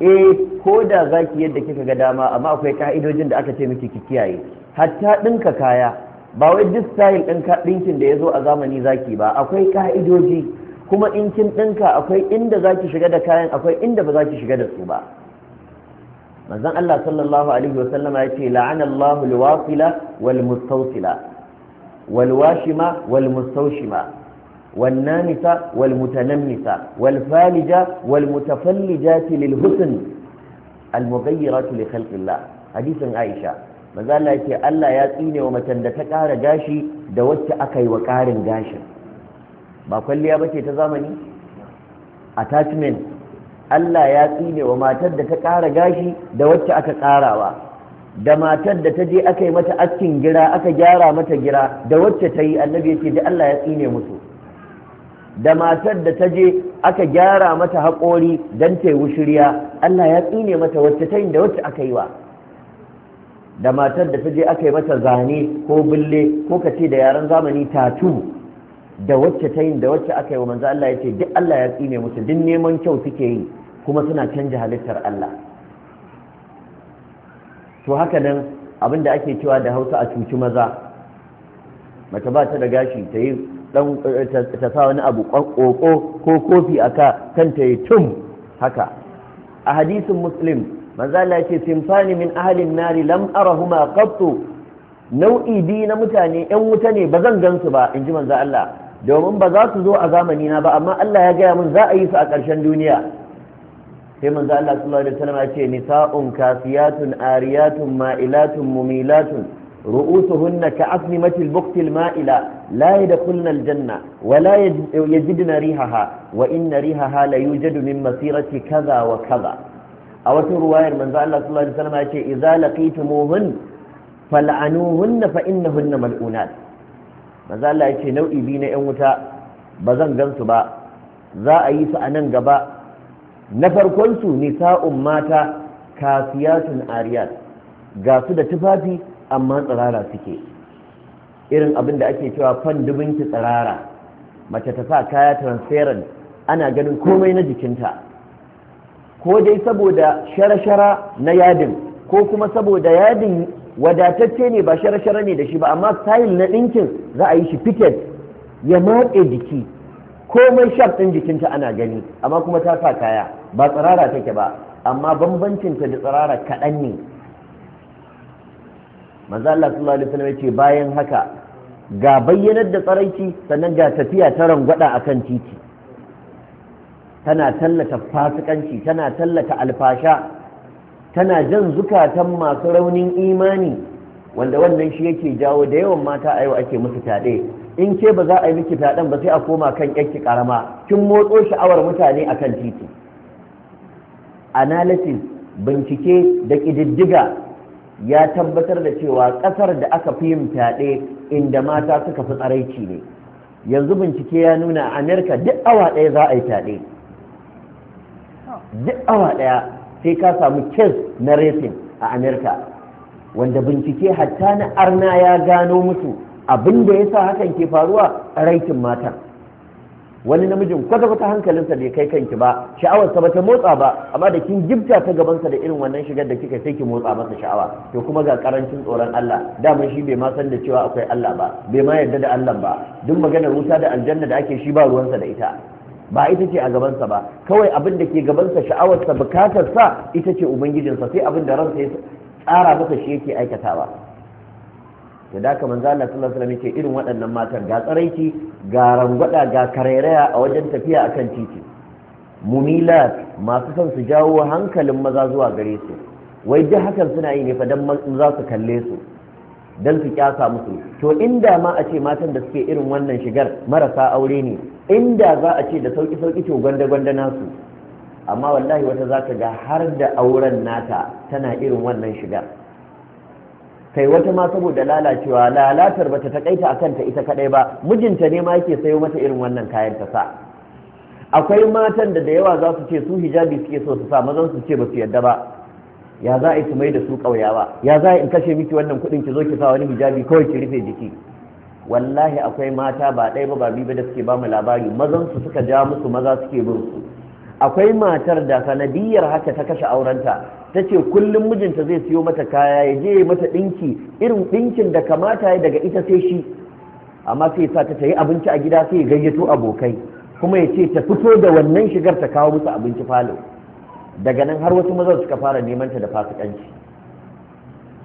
eh ko da zaki yadda kika ga dama amma akwai ka'idojin da aka ce miki ki kiyaye hatta ɗinka kaya ba wai duk style ɗin ɗinkin da ya zo a zamani zaki ba akwai ka'idoji kuma in kin ɗinka akwai inda ki shiga da kayan akwai inda ba ki shiga da su ba manzon Allah sallallahu alaihi wa sallama ya ce la'ana Allahu alwasila wal mustawsila wal washima wal mustawshima wan namisa wal mutanamisa wal falija wal mutafallijati lil husn al mughayyirati li khalqillah hadisin Aisha maza Allah yake Allah ya tsine wa macen da ta ƙara gashi da wacce aka yi wa ƙarin gashin ba kwalliya bace ta zamani attachment Allah ya tsine wa matar da ta ƙara gashi da wacce aka ƙarawa da matar da ta je aka yi mata askin gira aka gyara mata gira da wacce ta yi annabi yake da Allah ya tsine musu da matar da ta je aka gyara mata haƙori don ta yi Allah ya tsine mata wacce ta yi da wacce aka yi wa da matar da ta je aka yi mata zane ko bulle ko ka ce da yaren zamani tatu da wacce ta da wacce aka yi wa manzo Allah ya ce duk Allah ya tsine musu duk neman kyau suke yi kuma suna canja halittar Allah to haka nan abin da ake cewa da hausa a cuci maza mace ba ta da gashi ta yi ta sa wani abu ƙoƙo ko kofi aka kanta ya tum haka a hadisin muslim manzo Allah ya ce min ahlin nari lam arahuma qattu nau'i bi na mutane yan wuta ne ba zan gansu ba in ji manzo Allah domin ba za su zo a zamani na ba amma Allah ya gaya mun za a yi su a ƙarshen duniya sai manzo Allah sallallahu alaihi wasallam ya ce nisa'un kasiyatun ariyatun ma'ilatun mumilatun رؤوسهن كأصنمة البخت المائلة لا يدخلن الجنة ولا يجدن rihaha وإن ريحها min masirati kaza wa kaza. a wata ruwayar manzo Allah sallallahu alaihi wasallam ya idza laqitumuhun fal'anuhunna fa innahunna mal'unat manzo Allah ya nau'i biyu na yan wuta ba zan gansu ba za a yi su a nan gaba na farkon su nisa'un mata kafiyatun ariyat ga su da tufafi amma tsirara suke irin abin da ake cewa fan dubinki tsirara mace ta sa kaya transparent ana ganin komai na jikinta ko dai saboda shara-shara na yadin ko kuma saboda yadin wadatacce ne ba shara-shara ne da shi ba amma style na ɗinkin za a yi shi fitted ya matse jiki komai shaf ɗin jikinta ana gani amma kuma ta sa kaya ba tsirara take ba amma bambancinta da tsirara kaɗan ne manzo Allah sallallahu alaihi wasallam yace bayan haka ga bayyanar da tsaraici sannan ga tafiya ta rangwada akan titi tana tallata fasikanci tana tallata alfasha tana jan zukatan masu raunin imani wanda wannan shi yake jawo da yawan mata a yau ake musu taɗe in ke ba za a yi miki taɗen ba sai a koma kan yanki karama kin motso sha'awar mutane akan titi analysis bincike da ƙididdiga ya tabbatar da cewa ƙasar da aka fi yin fyaɗe inda mata suka fi tsaraici ne yanzu bincike ya nuna a amerika duk awa ɗaya za a yi fyaɗe duk awa daya sai ka samu kes na racing a amerika wanda bincike hatta na arna ya gano mutu abin da ya sa hakan ke faruwa raikin mata wani namijin kwata-kwata hankalinsa bai kai kanki ba sha'awarsa ba ta motsa ba amma da kin gibta ta gabansa da irin wannan shigar da kika sai ki motsa masa sha'awa to kuma ga karancin tsoron Allah dama shi bai ma san da cewa akwai Allah ba bai ma yarda da Allah ba duk maganar wuta da aljanna da ake shi ba ruwansa da ita ba ita ce a gabansa ba kawai abin da ke gabansa sha'awarsa bukatarsa ita ce ubangijinsa sai abin da ransa ya tsara masa shi yake aikatawa da daga manzo Allah sallallahu alaihi wasallam irin waɗannan matan ga tsaraici ga rangwada ga karairaya a wajen tafiya akan titi mumilat masu son su jawo hankalin maza zuwa gare su wai duk hakan suna yi ne fa dan za su kalle su dan su kyasa musu to inda ma a ce matan da suke irin wannan shigar marasa aure ne inda za a ce da sauki sauki to gwanda gwanda nasu amma wallahi wata za ka ga har da auren nata tana irin wannan shiga kai wata ma saboda lalacewa lalatar bata kaita a kanta ita kadai ba mijinta ne ma yake sayo mata irin wannan kayan ta sa akwai matan da da yawa za su ce su hijabi suke so su sa mazan su ce ba su yadda ba ya za a yi su mai da su ƙauyawa ya za a in kashe miki wannan kuɗin ki zo ki sa wani hijabi kawai ki rufe jiki wallahi akwai mata ba ɗaya ba babi biyu ba da suke ba mu labari mazan su suka ja musu maza suke bin su akwai matar da sanadiyar haka ta kashe aurenta ta ce kullum mijinta zai siyo mata kaya ya je mata ɗinki irin ɗinkin da kamata ya daga ita sai shi amma sai sa ta yi abinci a gida sai ya gayyato abokai kuma ya ce ta fito da wannan shigar ta kawo musu abinci falo daga nan har wasu mazan suka fara neman ta da fasikanci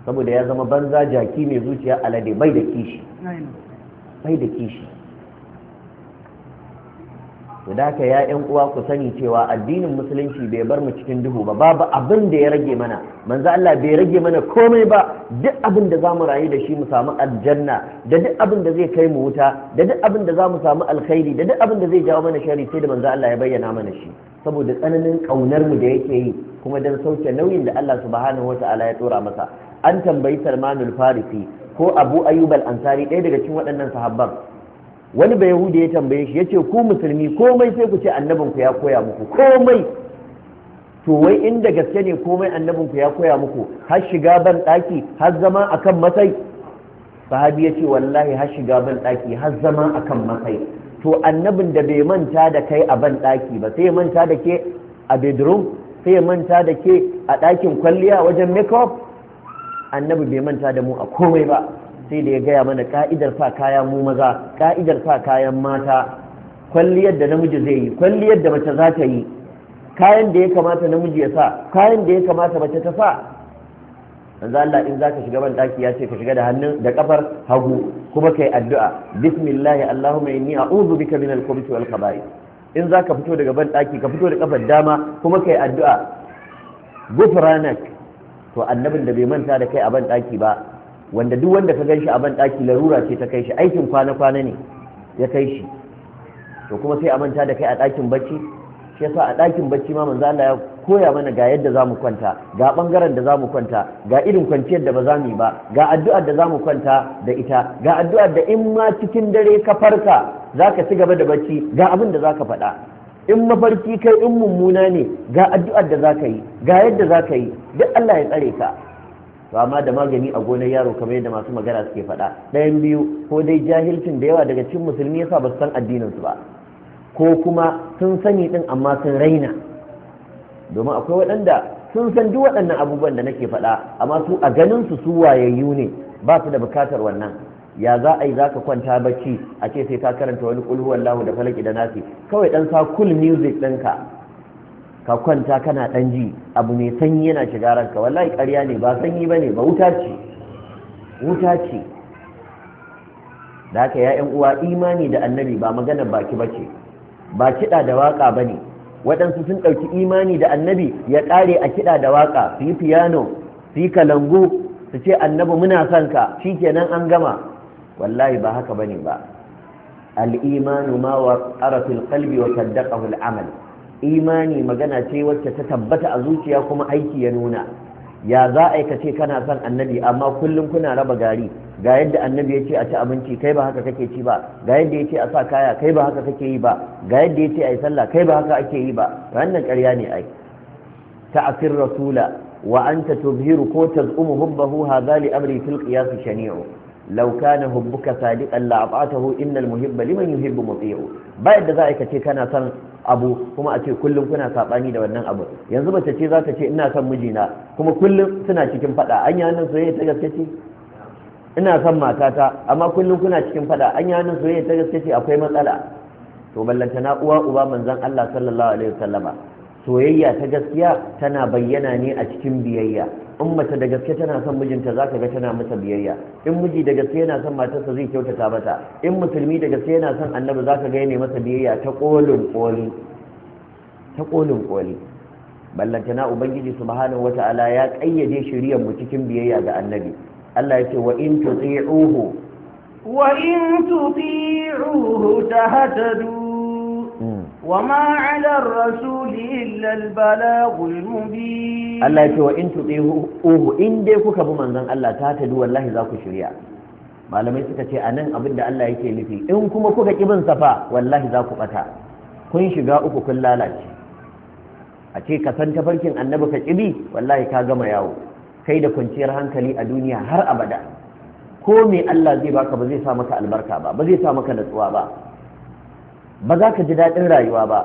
saboda ya zama banza jaki mai zuciya alade bai da kishi kai da kishi to da ka ya yan uwa ku sani cewa addinin musulunci bai bar mu cikin duhu ba babu abin da ya rage mana manzo Allah bai rage mana komai ba duk abin da zamu rayu da shi mu samu aljanna da duk abin da zai kai mu wuta da duk abin da zamu samu alkhairi da duk abin da zai jawo mana shari sai da manzo Allah ya bayyana mana shi saboda tsananin kaunar mu da yake yi kuma dan sauke nauyin da Allah subhanahu wataala ya tsora masa an tambayi Salmanul Farisi ko abu ayyub al-ansari ɗaya daga cikin waɗannan sahabban wani bai yahudi ya tambaye shi yace ku musulmi komai sai ku ce annabinku ya koya muku komai to wai in da gaske ne komai annabinku ya koya muku har shiga ban daki har zama akan matsayi sahabi yace wallahi har shiga ban daki har zama akan matsayi to annabin da bai manta da kai a ban daki ba sai manta da ke a bedroom sai manta da ke a ɗakin kwalliya wajen make up annabi bai manta da mu a komai ba sai da ya gaya mana ka'idar sa kayan mu maza ka'idar sa kayan mata kwalliyar da namiji zai yi kwalliyar da mace za ta yi kayan da ya kamata namiji ya sa kayan da ya kamata mace ta sa manzo Allah in zaka shiga ban daki ya ce ka shiga da hannun da kafar hagu kuma kai addu'a bismillah allahumma inni a'udhu bika min al-khubuthi wal in zaka fito daga ban daki ka fito da kafar dama kuma kai addu'a gufranak to annabin da bai manta da kai a ban daki ba wanda duk wanda ka gan shi a ban daki larura ce ta kai shi aikin kwana kwana ne ya kai shi to kuma sai a manta da kai a dakin bacci shi yasa a dakin bacci ma manzo Allah ya koya mana ga yadda zamu kwanta ga bangaren da zamu kwanta ga irin kwanciyar da ba za mu yi ba ga addu'ar da zamu kwanta da ita ga addu'ar da in ma cikin dare ka farka zaka ci gaba da bacci ga abin da zaka faɗa in mafarki kai in mummuna ne ga addu'ar da za ka yi ga yadda za ka yi duk Allah ya tsare ka to amma da magani a gonar yaro kamar yadda masu magana suke faɗa ɗayan biyu ko dai jahilcin da yawa daga cikin musulmi yasa ba su san addinin su ba ko kuma sun sani din amma sun raina domin akwai waɗanda sun san duk waɗannan abubuwan da nake faɗa amma su a ganin su su wayayyu ne ba su da bukatar wannan ya za a yi za ka kwanta bacci a ce sai ka karanta wani kulhuwan lahu da falaki da nasi kawai ɗan sa cool music ɗinka ka kwanta kana ɗan ji abu mai sanyi yana shiga ranka wallahi ƙarya ne ba sanyi ba ne ba wuta ce wuta ce da haka ya yan uwa imani da annabi ba magana baki ba ce ba kiɗa da waƙa ba ne waɗansu sun ɗauki imani da annabi ya ƙare a kiɗa da waƙa su yi fiyano su yi kalangu su ce annabi muna son ka kenan an gama wallahi ba haka bane ba al-imanu ma waqara fil qalbi wa saddakahul amal imani magana ce wacce ta tabbata a zuciya kuma aiki ya nuna ya za a ka ce kana son annabi amma kullum kuna raba gari ga yadda annabi ya ce a ci abinci kai ba haka kake ci ba ga yadda ya ce a sa kaya kai ba haka kake yi ba ga yadda ya ce a yi sallah kai ba haka ake yi ba wannan ƙarya ne ai ta'asir rasula wa anta tubhiru ko taz'umu hubbahu hadha li amri fil qiyas shani'u law kana hubbuka sadiqan la ata'tahu innal muhibba liman yuhibbu muti'u ba yadda za ka ce kana son abu kuma a ce kullum kuna sabani da wannan abu yanzu mace ce za ta ce ina son mijina kuma kullum suna cikin fada anya wannan soyayya ta gaske ce ina son matata amma kullum kuna cikin fada anya wannan soyayya ta gaske ce akwai matsala to ballanta na uwa uba manzon Allah sallallahu alaihi wasallama soyayya ta gaskiya tana bayyana ne a cikin biyayya in mace da gaske tana son mijinta za ka ga tana masa biyayya in miji da gaske yana son matarsa zai kyautata mata in musulmi da gaske yana son annabi za ka ga yana masa biyayya ta kolin koli ta kolin koli ballantana ubangiji subhanahu wata'ala ya kayyade shiriyar mu cikin biyayya ga annabi Allah ya ce wa in tuti'uhu wa in tuti'uhu tahtadu Hmm. وما على الرسول إلا البلاغ المبين الله يقول وإن تطيعوه إن دي كوكا ta الله wallahi والله ذاك شريع malamai suka ce a nan abin da Allah yake nufi in kuma kuka kibin safa wallahi za ku bata kun shiga uku kun lalace a ce ka san tafarkin annabi ka kibi wallahi ka gama yawo kai da kwanciyar hankali a duniya har abada ko me Allah zai baka ba zai sa maka albarka ba ba zai sa maka natsuwa ba ba za ka ji daɗin rayuwa ba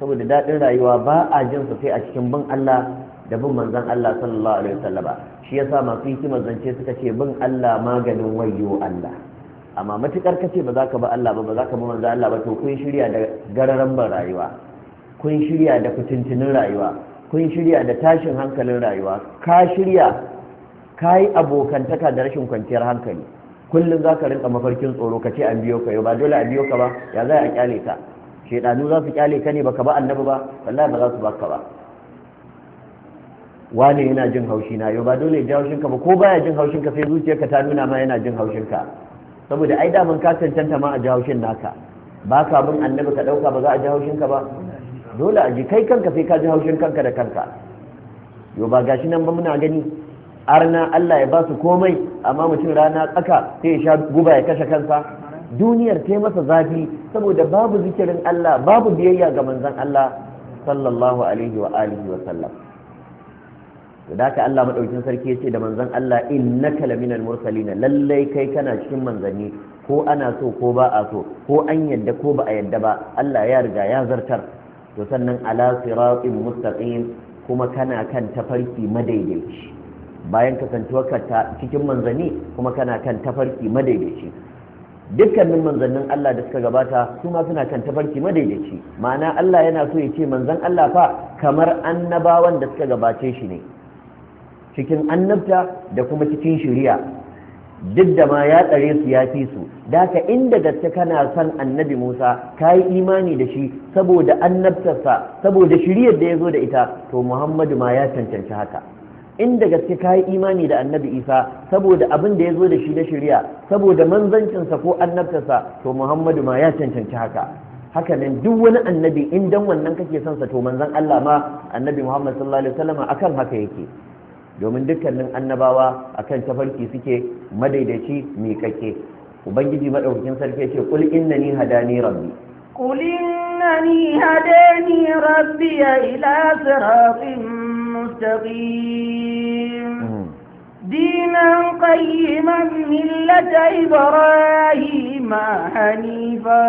saboda daɗin rayuwa ba a jin su sai a cikin bin Allah da bin manzon Allah sallallahu alaihi wasallam shi yasa masu hikimar zance suka ce bin Allah maganin wayo Allah amma matukar kace ba za ka ba Allah ba ba za ka bi manzon Allah ba to kun shirya da gararan ban rayuwa kun shirya da fitintinin rayuwa kun shirya da tashin hankalin rayuwa ka shirya ka yi abokantaka da rashin kwanciyar hankali kullum za ka rinka mafarkin tsoro ka ce an biyo ka yau ba dole a biyo ka ba ya za a kyale ka shaidanu za su kyale ka ne baka ba annabi ba wallahi ba za su baka ba wane yana jin haushi na yau ba dole ya ji haushin ka ba ko baya jin haushin ka sai zuciyarka ta nuna ma yana jin haushin ka saboda ai da mun ka cancanta ma a ji haushin naka ba ka bin annabi ka dauka ba za a ji haushin ka ba dole a ji kai kanka sai ka ji haushin kanka da kanka yau ba gashi nan ba muna gani arna Allah ya ba su komai amma mutum rana tsaka sai ya sha guba ya kashe kansa duniyar ta masa zafi saboda babu zikirin Allah babu biyayya ga manzon Allah sallallahu alaihi wa alihi wa sallam da Allah madaukin sarki yace da manzon Allah innaka laminal mursalin lallai kai kana cikin manzanni ko ana so ko ba a so ko an yadda ko ba a yadda ba Allah ya riga ya zartar to sannan ala siratin mustaqim kuma kana kan tafarki madaidaici bayan kasantuwarka cikin manzanni kuma kana kan tafarki madaidaici dukkanin manzannin Allah da suka gabata su ma suna kan tafarki madaidaici ma'ana Allah yana so ya ce manzan Allah fa kamar annabawan da suka gabace shi ne cikin annabta da kuma cikin shari'a duk da ma ya tsare su ya fi su daka inda gaske kana son annabi Musa ka yi imani da shi saboda annabtarsa saboda shiryar da ya zo da ita to Muhammadu ma ya cancanci haka inda gaske ka yi imani da annabi isa saboda abin da ya zo da shi na shirya saboda manzancinsa ko annabtarsa to muhammadu ma ya cancanci haka haka nan duk wani annabi in dan wannan kake son sa to manzon Allah ma annabi Muhammad sallallahu alaihi wasallam akan haka yake domin dukkanin annabawa akan tafarki suke madaidaici kake ubangiji madaukakin sarki yace qul innani hadani rabbi qul innani hadani rabbi ila siratin مستقيم دينا قيما ملة إبراهيم حنيفا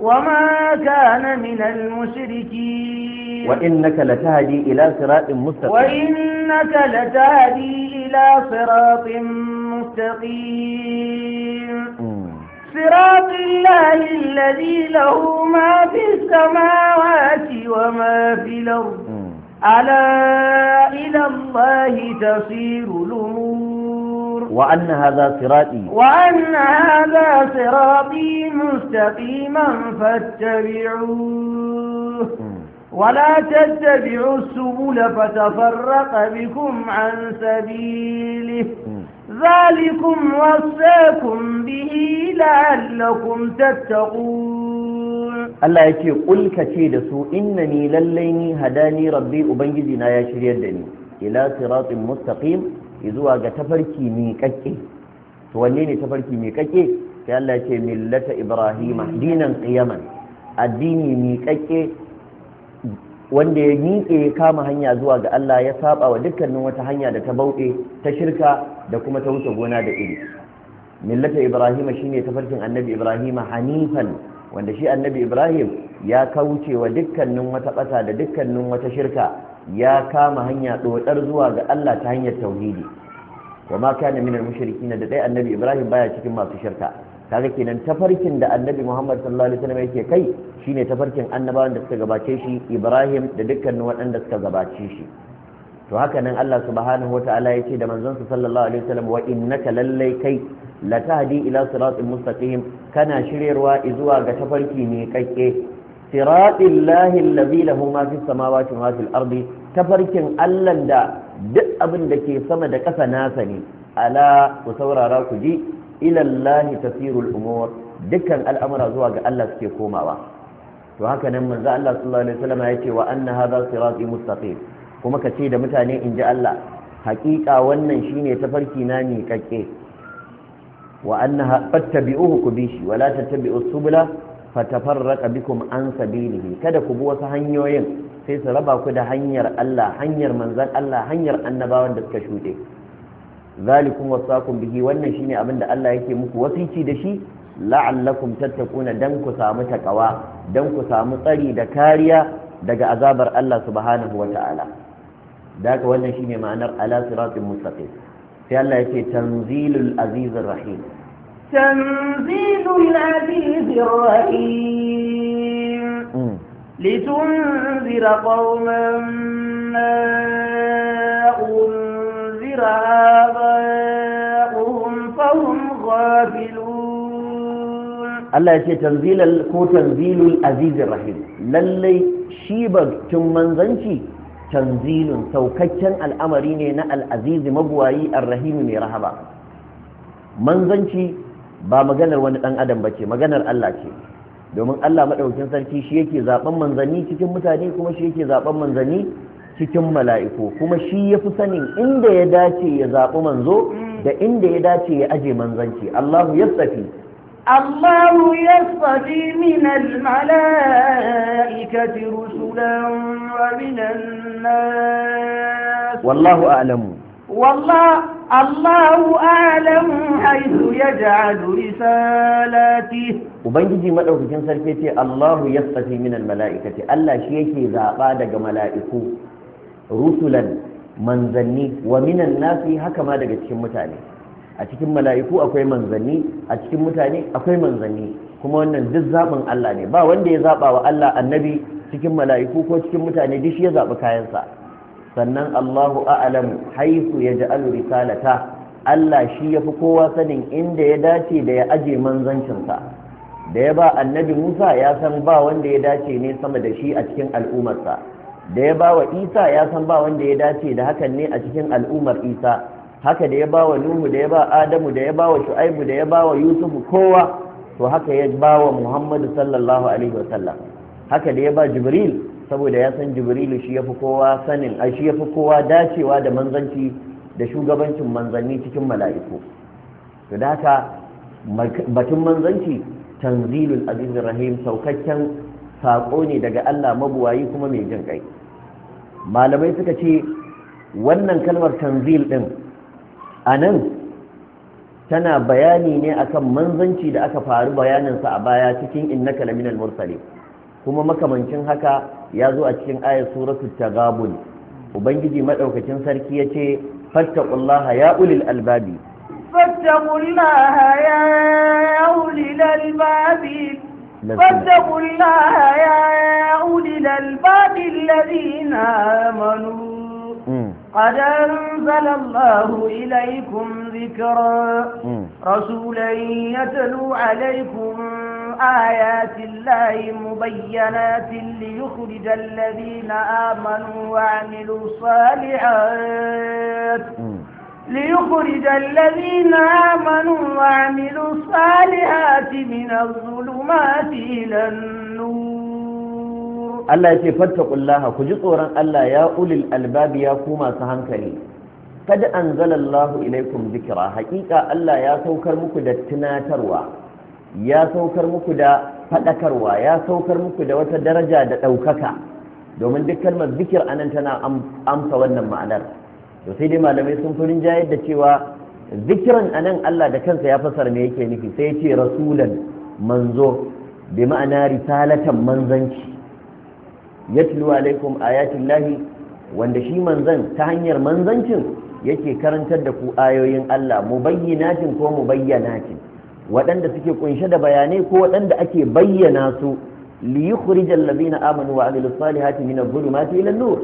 وما كان من المشركين وإنك لتهدي إلى صراط مستقيم وإنك لتهدي إلى صراط مستقيم صراط الله الذي له ما في السماوات وما في الأرض ألا إلى الله تصير الأمور وأن هذا صراطي وأن هذا صراطي مستقيما فاتبعوه ولا تتبعوا السبل فتفرق بكم عن سبيله ذلكم وصاكم به لعلكم تتقون Allah ya ce ƙulka ce da su inna ni lallai ni hadani rabbi ubangiji na ya shiryar da ni ila siratin mustaqim zuwa ga tafarki miƙaƙƙe to wanne ne tafarki miƙaƙƙe sai Allah ya ce millata ibrahima dinan qiyaman addini wanda ya miƙe ya kama hanya zuwa ga Allah ya saba wa dukkanin wata hanya da ta bauɗe ta shirka da kuma ta wuce gona da iri millata ibrahima shine tafarkin annabi ibrahima hanifan wanda shi annabi ibrahim ya kauce wa dukkanin wata ƙasa da dukkanin wata shirka ya kama hanya ɗoɗar zuwa ga allah ta hanyar tauhidi wa ma kana minal mushrikin da dai annabi ibrahim baya cikin masu shirka kaga kenan tafarkin da annabi muhammad sallallahu alaihi wasallam yake kai shine tafarkin annabawan da suka gabace shi ibrahim da dukkanin waɗanda suka gabace shi to haka nan allah subhanahu wataala ce da manzon sallallahu alaihi wasallam wa innaka lallai kai latahdi ila siratin mustaqim kana shiryarwa zuwa ga tafarki ne kakke siratin lahin lazi lahu ma fi samawati wa fil ardi tafarkin allan da duk abin da ke sama da ƙasa nasa ne ala ku saurara ku ji ilallahi tasirul umur dukkan al'amura zuwa ga Allah suke komawa to haka nan manzo Allah sallallahu alaihi wasallam ya ce wa anna hadha sirati mustaqim kuma ka ce da mutane in ji Allah haƙiƙa wannan shine tafarki na miƙaƙƙe wa annaha fattabi'uhu ku bi shi wala tattabi'us subula fatafarraqa bikum an sabilihi kada ku bi wasu hanyoyin sai su raba ku da hanyar Allah hanyar manzan Allah hanyar annabawan da suka shuɗe zalikum wasaqum biki wannan shine abin da Allah yake muku wasici da shi la'allakum tattakuna dan ku samu takawa dan ku samu tsari da kariya daga azabar Allah subhanahu wata'ala daga wannan shine ma'anar alasirasin siratin في Allah تنزيل tanzilul الرحيم تنزيل tanzilul الرحيم لتنذر قوما ما أنذر آباؤهم فهم غافلون الله يكي تنزيل كو تنزيل العزيز الرحيم للي شيبك تم منزنشي tanzilun saukakken al'amari ne na al'azizi mabuwayi arrahimi mai rahaba manzanci ba maganar wani ɗan adam ba ce maganar Allah ce domin Allah maɗaukin sarki shi yake zaɓen manzanni cikin mutane kuma shi yake zaɓen manzanni cikin mala'iku kuma shi ya fi sanin inda ya dace ya zaɓi manzo da inda ya dace ya aje manzanci Allahu ya tsafi الله يصطفي من الملائكة رسلا alamu. الناس والله أعلم والله الله أعلم حيث يجعل رسالاته ubangiji maɗaukakin sarki ce Allahu ya yastafi min almalaikati Allah shi yake zaɓa daga mala'iku rusulan manzanni wa minan nasi haka ma daga cikin mutane a cikin mala'iku akwai manzanni a cikin mutane akwai manzanni kuma wannan duk zaɓin Allah ne ba wanda ya zaɓa wa Allah annabi cikin mala'iku ko cikin mutane duk shi ya zaɓi kayansa sannan Allahu a'lamu haythu ya risalata Allah shi yafi kowa sanin inda ya dace da ya aje manzancinsa da ya ba annabi Musa ya san ba wanda ya dace ne sama da shi a cikin al'ummarsa da ya ba wa Isa ya san ba wanda ya dace da hakan ne a cikin al'ummar Isa haka da ya ba wa nuhu da ya ba adamu da ya ba wa shu'aibu da ya ba wa yusufu kowa to haka ya ba wa muhammadu sallallahu alaihi wasallam haka da ya ba jibril saboda ya san jibrilu shi ya fi kowa sanin a shi ya fi kowa dacewa da manzanci da shugabancin manzanni cikin mala'iku to da haka batun manzanci tanzilul azizir rahim saukakken saƙo ne daga allah mabuwayi kuma mai jin kai malamai suka ce wannan kalmar tanzil din a nan tana bayani ne akan manzanci da aka faru bayaninsa a baya cikin innaka laminal mursali kuma makamancin haka ya zo a cikin ayar suratul tagabun ubangiji madaukakin sarki yace fattaqullaha ya ulil albabi fattaqullaha ya ulil albabi فاتقوا ya ulil albabi الألباب الذين قد أنزل الله إليكم ذكرا رسولا يتلو عليكم آيات الله مبينات ليخرج الذين آمنوا وعملوا الصالحات ليخرج الذين آمنوا وعملوا الصالحات من الظلمات إلى النور Allah ya ce fattaqullaha ku ji tsoron Allah ya ulil albabi ya ku masu hankali kad anzalallahu ilaikum zikira. haƙiƙa Allah ya saukar muku da tunatarwa ya saukar muku da faɗakarwa ya saukar muku da wata daraja da ɗaukaka domin duk kalmar zikir anan tana amsa wannan ma'anar to sai dai malamai sun fi rinjayar da cewa zikiran anan Allah da kansa ya fasar me yake nufi sai ya ce rasulan manzo bi ma'ana risalatan manzanci yatlu alaikum ayatillahi wanda shi manzan ta hanyar manzancin yake karantar da ku ayoyin Allah mu mubayyinatin ko mu ki waɗanda suke kunshe da bayanai ko waɗanda ake bayyana su li yukhrijal ladina amanu wa amilus salihati min adh-dhulumati ila an-nur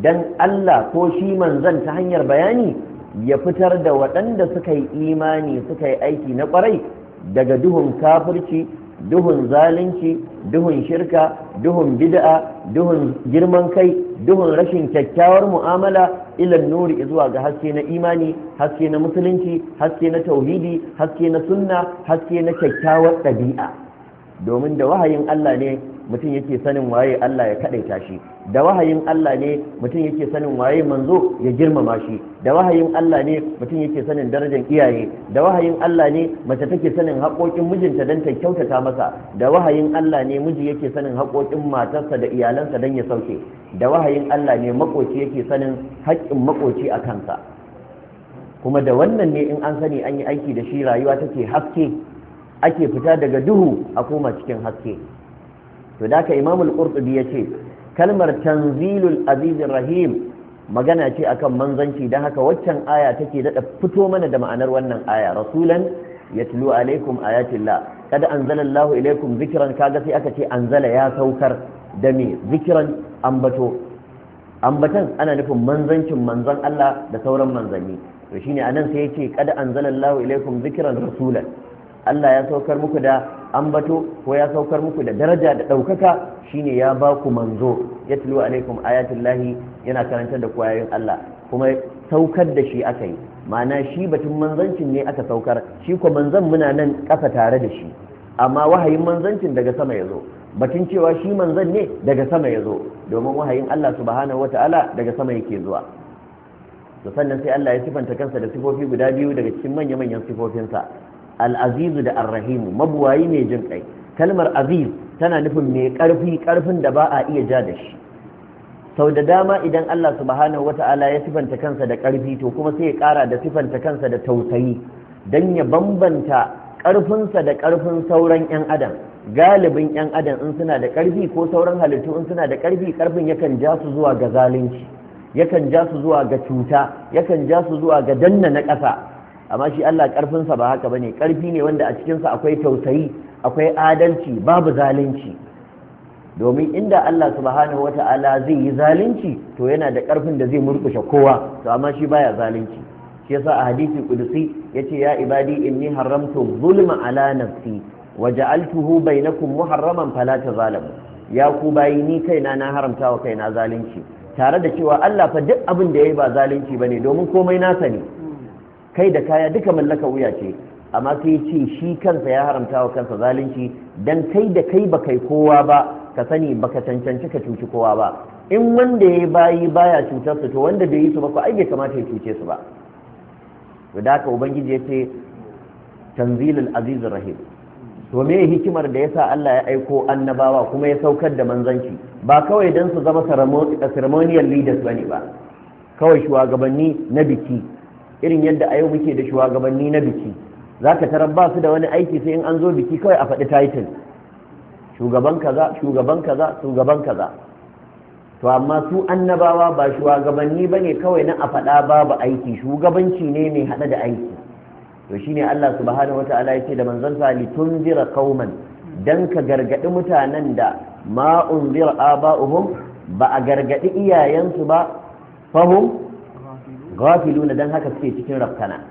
dan Allah ko shi manzan ta hanyar bayani ya fitar da waɗanda suka yi imani suka yi aiki na ƙwarai daga duhun kafirci duhun zalunci duhun shirka duhun bid'a duhun girman kai duhun rashin kyakkyawar mu'amala ilan nuri zuwa ga haske na imani haske na musulunci haske na tauhidi haske na sunna haske na kyakkyawar ɗabi'a domin da wahayin Allah ne mutum yake sanin waye Allah ya kadaita shi da wahayin Allah ne mutum yake sanin waye manzo ya girmama shi da wahayin Allah ne mutum yake sanin darajar iyaye da wahayin Allah ne mace take sanin haƙoƙin mijinta dan ta kyautata masa da wahayin Allah ne miji yake sanin haƙoƙin matarsa da iyalansa don ya sauke da wahayin Allah ne makoci yake sanin haƙƙin makoci a kansa kuma da wannan ne in an sani an yi aiki da shi rayuwa take haske ake fita daga duhu a koma cikin haske to da ka imam al-qurtubi ce kalmar tanzilul azizin rahim magana ce akan manzanci Da haka waccan aya take daɗa fito mana da ma'anar wannan aya rasulan yatlu alaikum ayatillah kada Allahu ilaikum zikran kaga sai aka ce anzala ya saukar da me zikran ambato ambatan ana nufin manzancin manzan Allah da sauran manzanni to shine anan sai yace kada Allahu ilaikum zikiran rasulan Allah ya saukar muku da ambato ko ya saukar muku da daraja da ɗaukaka shine ya ba ku manzo ya tulu alaikum lahi yana karantar da kwayoyin Allah kuma saukar da shi aka yi ma'ana shi batun manzancin ne aka saukar shi ko manzan muna nan ƙasa tare da shi amma wahayin manzancin daga sama ya zo batun cewa shi manzan ne daga sama ya zo domin wahayin Allah subhanahu wata'ala daga sama yake zuwa to sannan sai Allah ya sifanta kansa da sifofi guda biyu daga cikin manya-manyan sifofinsa al'azizu da arrahimu mabuwayi ne, jin kai kalmar aziz tana nufin mai ƙarfi ƙarfin da ba a iya ja da shi sau da dama idan Allah subhanahu wata'ala ya sifanta kansa da ƙarfi to kuma sai ya ƙara da sifanta kansa da tausayi don ya bambanta ƙarfinsa da ƙarfin sauran 'yan adam galibin 'yan adam in suna da ƙarfi ko sauran halittu in suna da ƙarfi ƙarfin yakan ja su zuwa ga zalunci yakan ja su zuwa ga cuta yakan ja su zuwa ga danna na ƙasa amma shi Allah karfinsa ba haka bane karfi ne wanda a cikinsa akwai tausayi akwai adalci babu zalunci domin inda Allah subhanahu wata'ala zai yi zalunci to yana da karfin da zai murkushe kowa to amma shi baya zalunci shi yasa a hadisi ya yace ya ibadi inni haramtu zulma ala nafsi wa ja'altuhu bainakum muharraman fala tazalamu ya ku bayi ni kaina na haramta wa kaina zalunci tare da cewa Allah fa duk abin da yayi ba zalunci bane domin komai nasa ne kai da kaya duka mallaka wuya ce amma sai ce shi kansa ya haramta wa kansa zalunci dan kai da kai ba kai kowa ba ka sani ba ka cancanci ka cuci kowa ba in wanda ya bayi baya cutar su to wanda bai yi su ba ko ai bai kamata ya cuce su ba to da haka ubangiji ya ce tanzilul azizur rahim to me hikimar da yasa Allah ya aiko annabawa kuma ya saukar da manzanci ba kawai dan su zama ceremonial leaders bane ba kawai shugabanni na biki irin yadda a yau muke da shugabanni na biki za ka tarar ba su da wani aiki sai in an zo biki kawai a faɗi title shugaban kaza shugaban kaza shugaban kaza to amma su annabawa ba shugabanni ba ne kawai na a faɗa babu aiki shugabanci ne mai haɗa da aiki to shine Allah subhanahu wata'ala ya ce da tun zira qauman dan ka gargaɗi mutanen da ma unzira aba'uhum ba a gargaɗi iyayensu ba fahum gafiluna dan haka suke cikin rafkana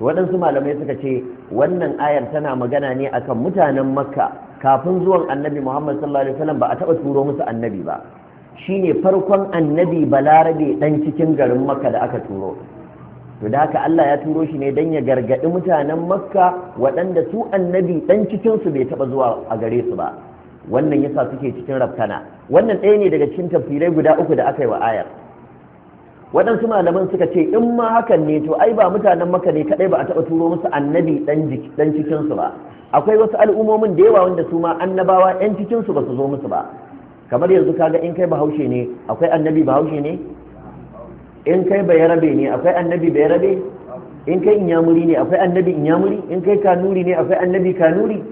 to waɗansu malamai suka ce wannan ayar tana magana ne akan mutanen makka kafin zuwan annabi muhammad sallallahu alaihi wasallam ba a taɓa turo musu annabi ba shine farkon annabi balarabe dan cikin garin makka da aka turo to da haka Allah ya turo shi ne dan ya gargaɗi mutanen makka waɗanda su annabi dan cikin su bai taɓa zuwa a gare su ba wannan yasa suke cikin rafkana wannan ɗaya ne daga cikin tafsirai guda uku da aka yi wa ayar waɗansu malaman suka ce in ma hakan ne to ai ba mutanen maka ne kadai ba a taɓa turo musu annabi ɗan cikinsu ba akwai wasu al'ummomin da yawa wanda su ma annabawa ɗan cikinsu ba su zo musu ba kamar yanzu kaga in kai bahaushe ne akwai annabi bahaushe ne in kai bayarabe ne akwai annabi bayarabe in kai inyamuri ne akwai annabi inyamuri in kai kanuri ne akwai annabi kanuri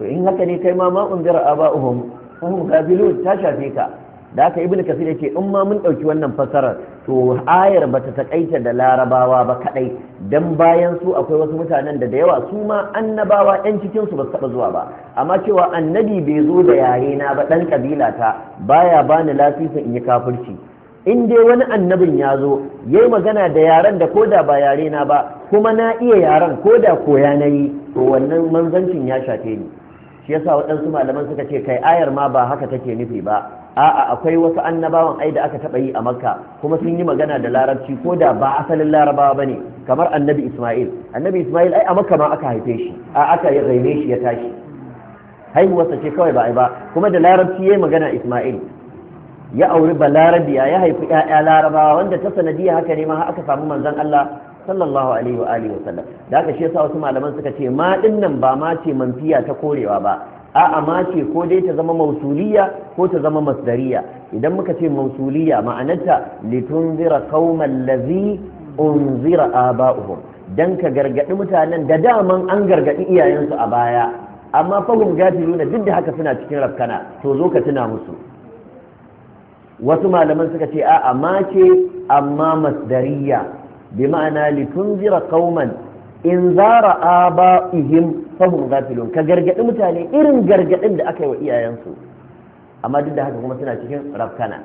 to in haka ne kai ma ma unzira aba'uhum fahum [LAUGHS] ta shafe ka da aka ibnu kasir yake in ma mun dauki wannan fasarar to ayar bata takaita da larabawa ba kaɗai, dan bayan su akwai wasu mutanen da da yawa su ma annabawa yan cikin su ba su taba zuwa ba amma cewa annabi bai zo da yare na ba dan kabila ta baya bani lafifa in yi kafirci in dai wani annabin ya zo yayi magana da yaren da koda ba yare na ba kuma na iya yaren koda koya na yi to wannan manzancin ya shafe ni shi yasa waɗansu malaman suka ce kai ayar ma ba haka take nufi ba a'a akwai wasu annabawan ai da aka taba yi a makka kuma sun yi magana da larabci ko da ba asalin larabawa ne kamar annabi isma'il annabi isma'il ai a makka ma aka haife shi a aka raine shi ya tashi haihuwarsa ce kawai ba ai ba kuma da larabci ya yi magana isma'il ya auri larabiya ya haifi ƴaƴa larabawa wanda ta sanadiyya haka ne ma aka samu manzon Allah sallallahu alaihi wa alihi da aka shi yasa wasu malaman suka ce ma dinnan ba ma ce manfiya ta korewa ba a'a ma ce ko dai ta zama mausuliya ko ta zama masdariya idan muka ce mausuliya ma'anarta litunzira qauman lazi unzira aba'uhum dan ka gargadi mutanen da daman an gargadi iyayensu a baya amma fahum nuna duk da haka suna cikin rafkana to zo ka tuna musu wasu malaman suka ce a'a ma ce amma masdariya bi ma'ana litunzira qauman in zara ihim fahum gafilun ka gargaɗi mutane irin gargaɗin da aka yi wa iyayensu amma duk da haka kuma suna cikin rafkana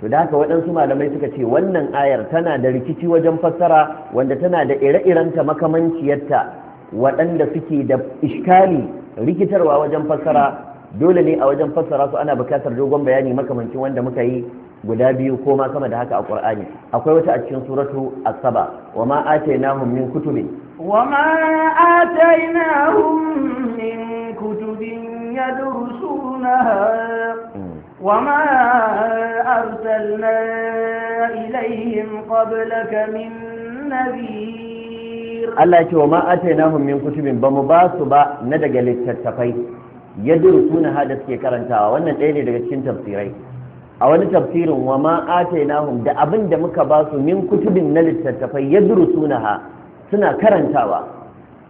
to da haka waɗansu malamai suka ce wannan ayar tana da rikici wajen fassara wanda tana da ire-irenta makamanciyarta waɗanda suke da iskali rikitarwa wajen fassara dole ne a wajen fassara su ana bukatar dogon bayani makamancin wanda muka yi guda biyu ko ma sama da haka a Qur'ani akwai wata a cikin suratu As-Saba wa ma atainahum min kutubin wa ma atainahum min kutubin yadrusunaha mm. wa ma arsalna ilayhim qablaka min nabir Allah ce wa ma atainahum min kutubin ba mu ba su ba na daga littattafai yadrusuna ha da suke karantawa wannan ɗaya ne daga cikin tafsirai a wani tafsirin wa ma atainahum da abin da muka ba su min kutubin na littattafai ya sunaha suna karantawa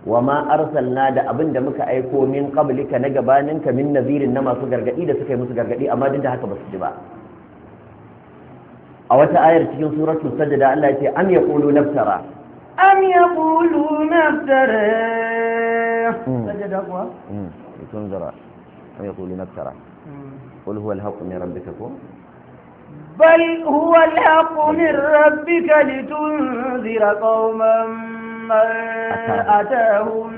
wa ma arsalna da abin da muka aiko min qablika na gabaninka min nazirin na masu gargadi da suka yi musu gargadi amma duk da haka basu ji ba a wata ayar cikin suratul sajda Allah ya ce am yaqulu naftara am yaqulu naftara hmm. sajda kuwa tunzara hmm. am yaqulu naftara hmm. qul huwa al min rabbika بل هو الحق من ربك لتنذر قوما ما أتاهم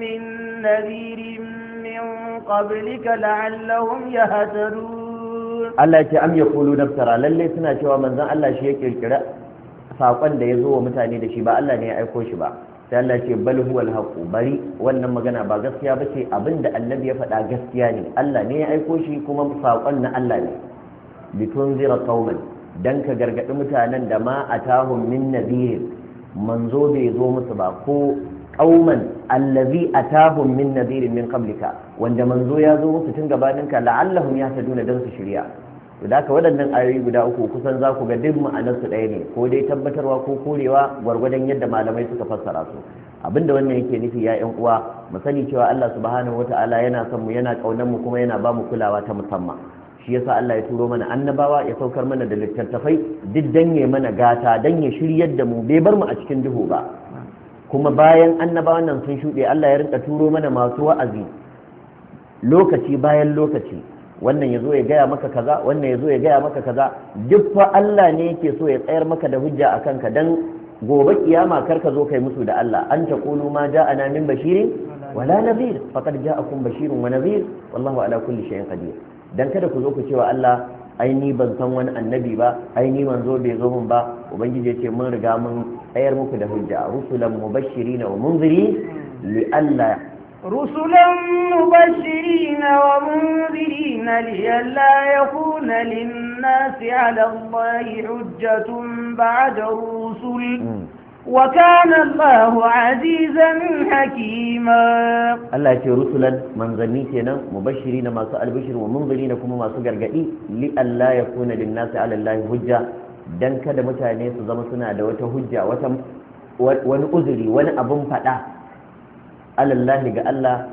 من نذير من قبلك لعلهم يهتدون الله يتي أم يقولون افترى للي سنة شوى من ذا الله شيء كالكرة saƙon da ya zo wa mutane da shi ba Allah ne ya aiko shi ba sai Allah ce bal huwa bari wannan magana ba gaskiya bace abinda Allah ya faɗa gaskiya ne Allah ne ya aiko shi kuma saƙon na Allah ne litunzira qauman dan ka gargaɗi mutanen da ma atahum min nadhir manzo bai zo musu ba ko qauman allazi atahum min nadhir min qablika wanda manzo ya zo musu tun gabaninka la'allahum yahtaduna dan su shirya to da waɗannan ayoyi guda uku kusan za ku ga duk ma'anarsu ɗaya ne ko dai tabbatarwa ko korewa gwargwadon yadda malamai suka fassara su abinda wannan yake nufi ya ƴan uwa mu sani cewa Allah subhanahu wataala yana son mu yana kaunar mu kuma yana ba mu kulawa ta musamman shi yasa Allah ya turo mana annabawa ya saukar mana da littattafai duk danye mana gata dan ya shiryar da mu bai bar mu a cikin duhu ba kuma bayan annabawan nan sun shuɗe Allah ya rinka turo mana masu wa'azi lokaci bayan lokaci wannan ya zo ya gaya maka kaza wannan ya zo ya gaya maka kaza duk fa Allah ne yake so ya tsayar maka da hujja a kanka dan gobe kiyama kar ka zo kai musu da Allah an taqulu ma ja'ana min bashirin wala nadhir faqad ja'akum bashirun wa nadhir wallahu ala kulli shay'in qadir dan kada ku zo ku cewa Allah ai ni ban san wani annabi ba ai ni manzo bai zo mun ba ubangiji ya ce mun riga mun tsayar muku da hujja rusulan mubashirin wa munziri li alla rusulan mubashirin wa munzirin li alla yakuna lin nasi ala allahi hujjatun ba'da rusul hmm. وكان الله عزيزا حكيما الله يتي رسلا منزلني كنا مبشرين ما سأل بشر ومنظرين كما kuma سقر قئي لألا يكون للناس على الله هجة dan kada mutane su zama suna da wata hujja wata wani uzuri wani abun fada alallahi ga Allah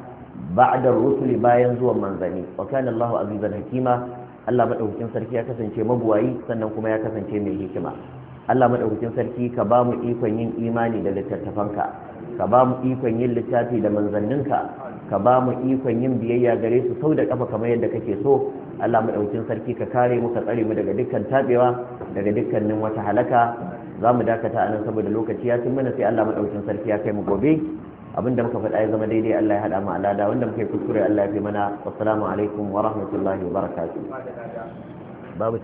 ba'da rusuli bayan zuwan manzani wakanallahu azizan hakima Allah madaukakin sarki ya kasance mabuwayi sannan kuma ya kasance mai hikima Allah maɗaukacin sarki ka ba mu ikon yin imani da littattafanka ka ba mu ikon yin littafi da manzanninka ka ba mu ikon yin biyayya gare su sau da kafa kamar yadda kake so Allah madaukakin sarki ka kare mu ka tsare mu daga dukkan tabewa daga dukkanin wata halaka za mu dakata a nan saboda lokaci ya cin mana sai Allah madaukakin sarki ya kai mu gobe abinda muka faɗa ya zama daidai Allah ya haɗa mu alada wanda muka yi kuskure Allah ya fi mana wassalamu alaikum wa rahmatullahi wa barakatuh babu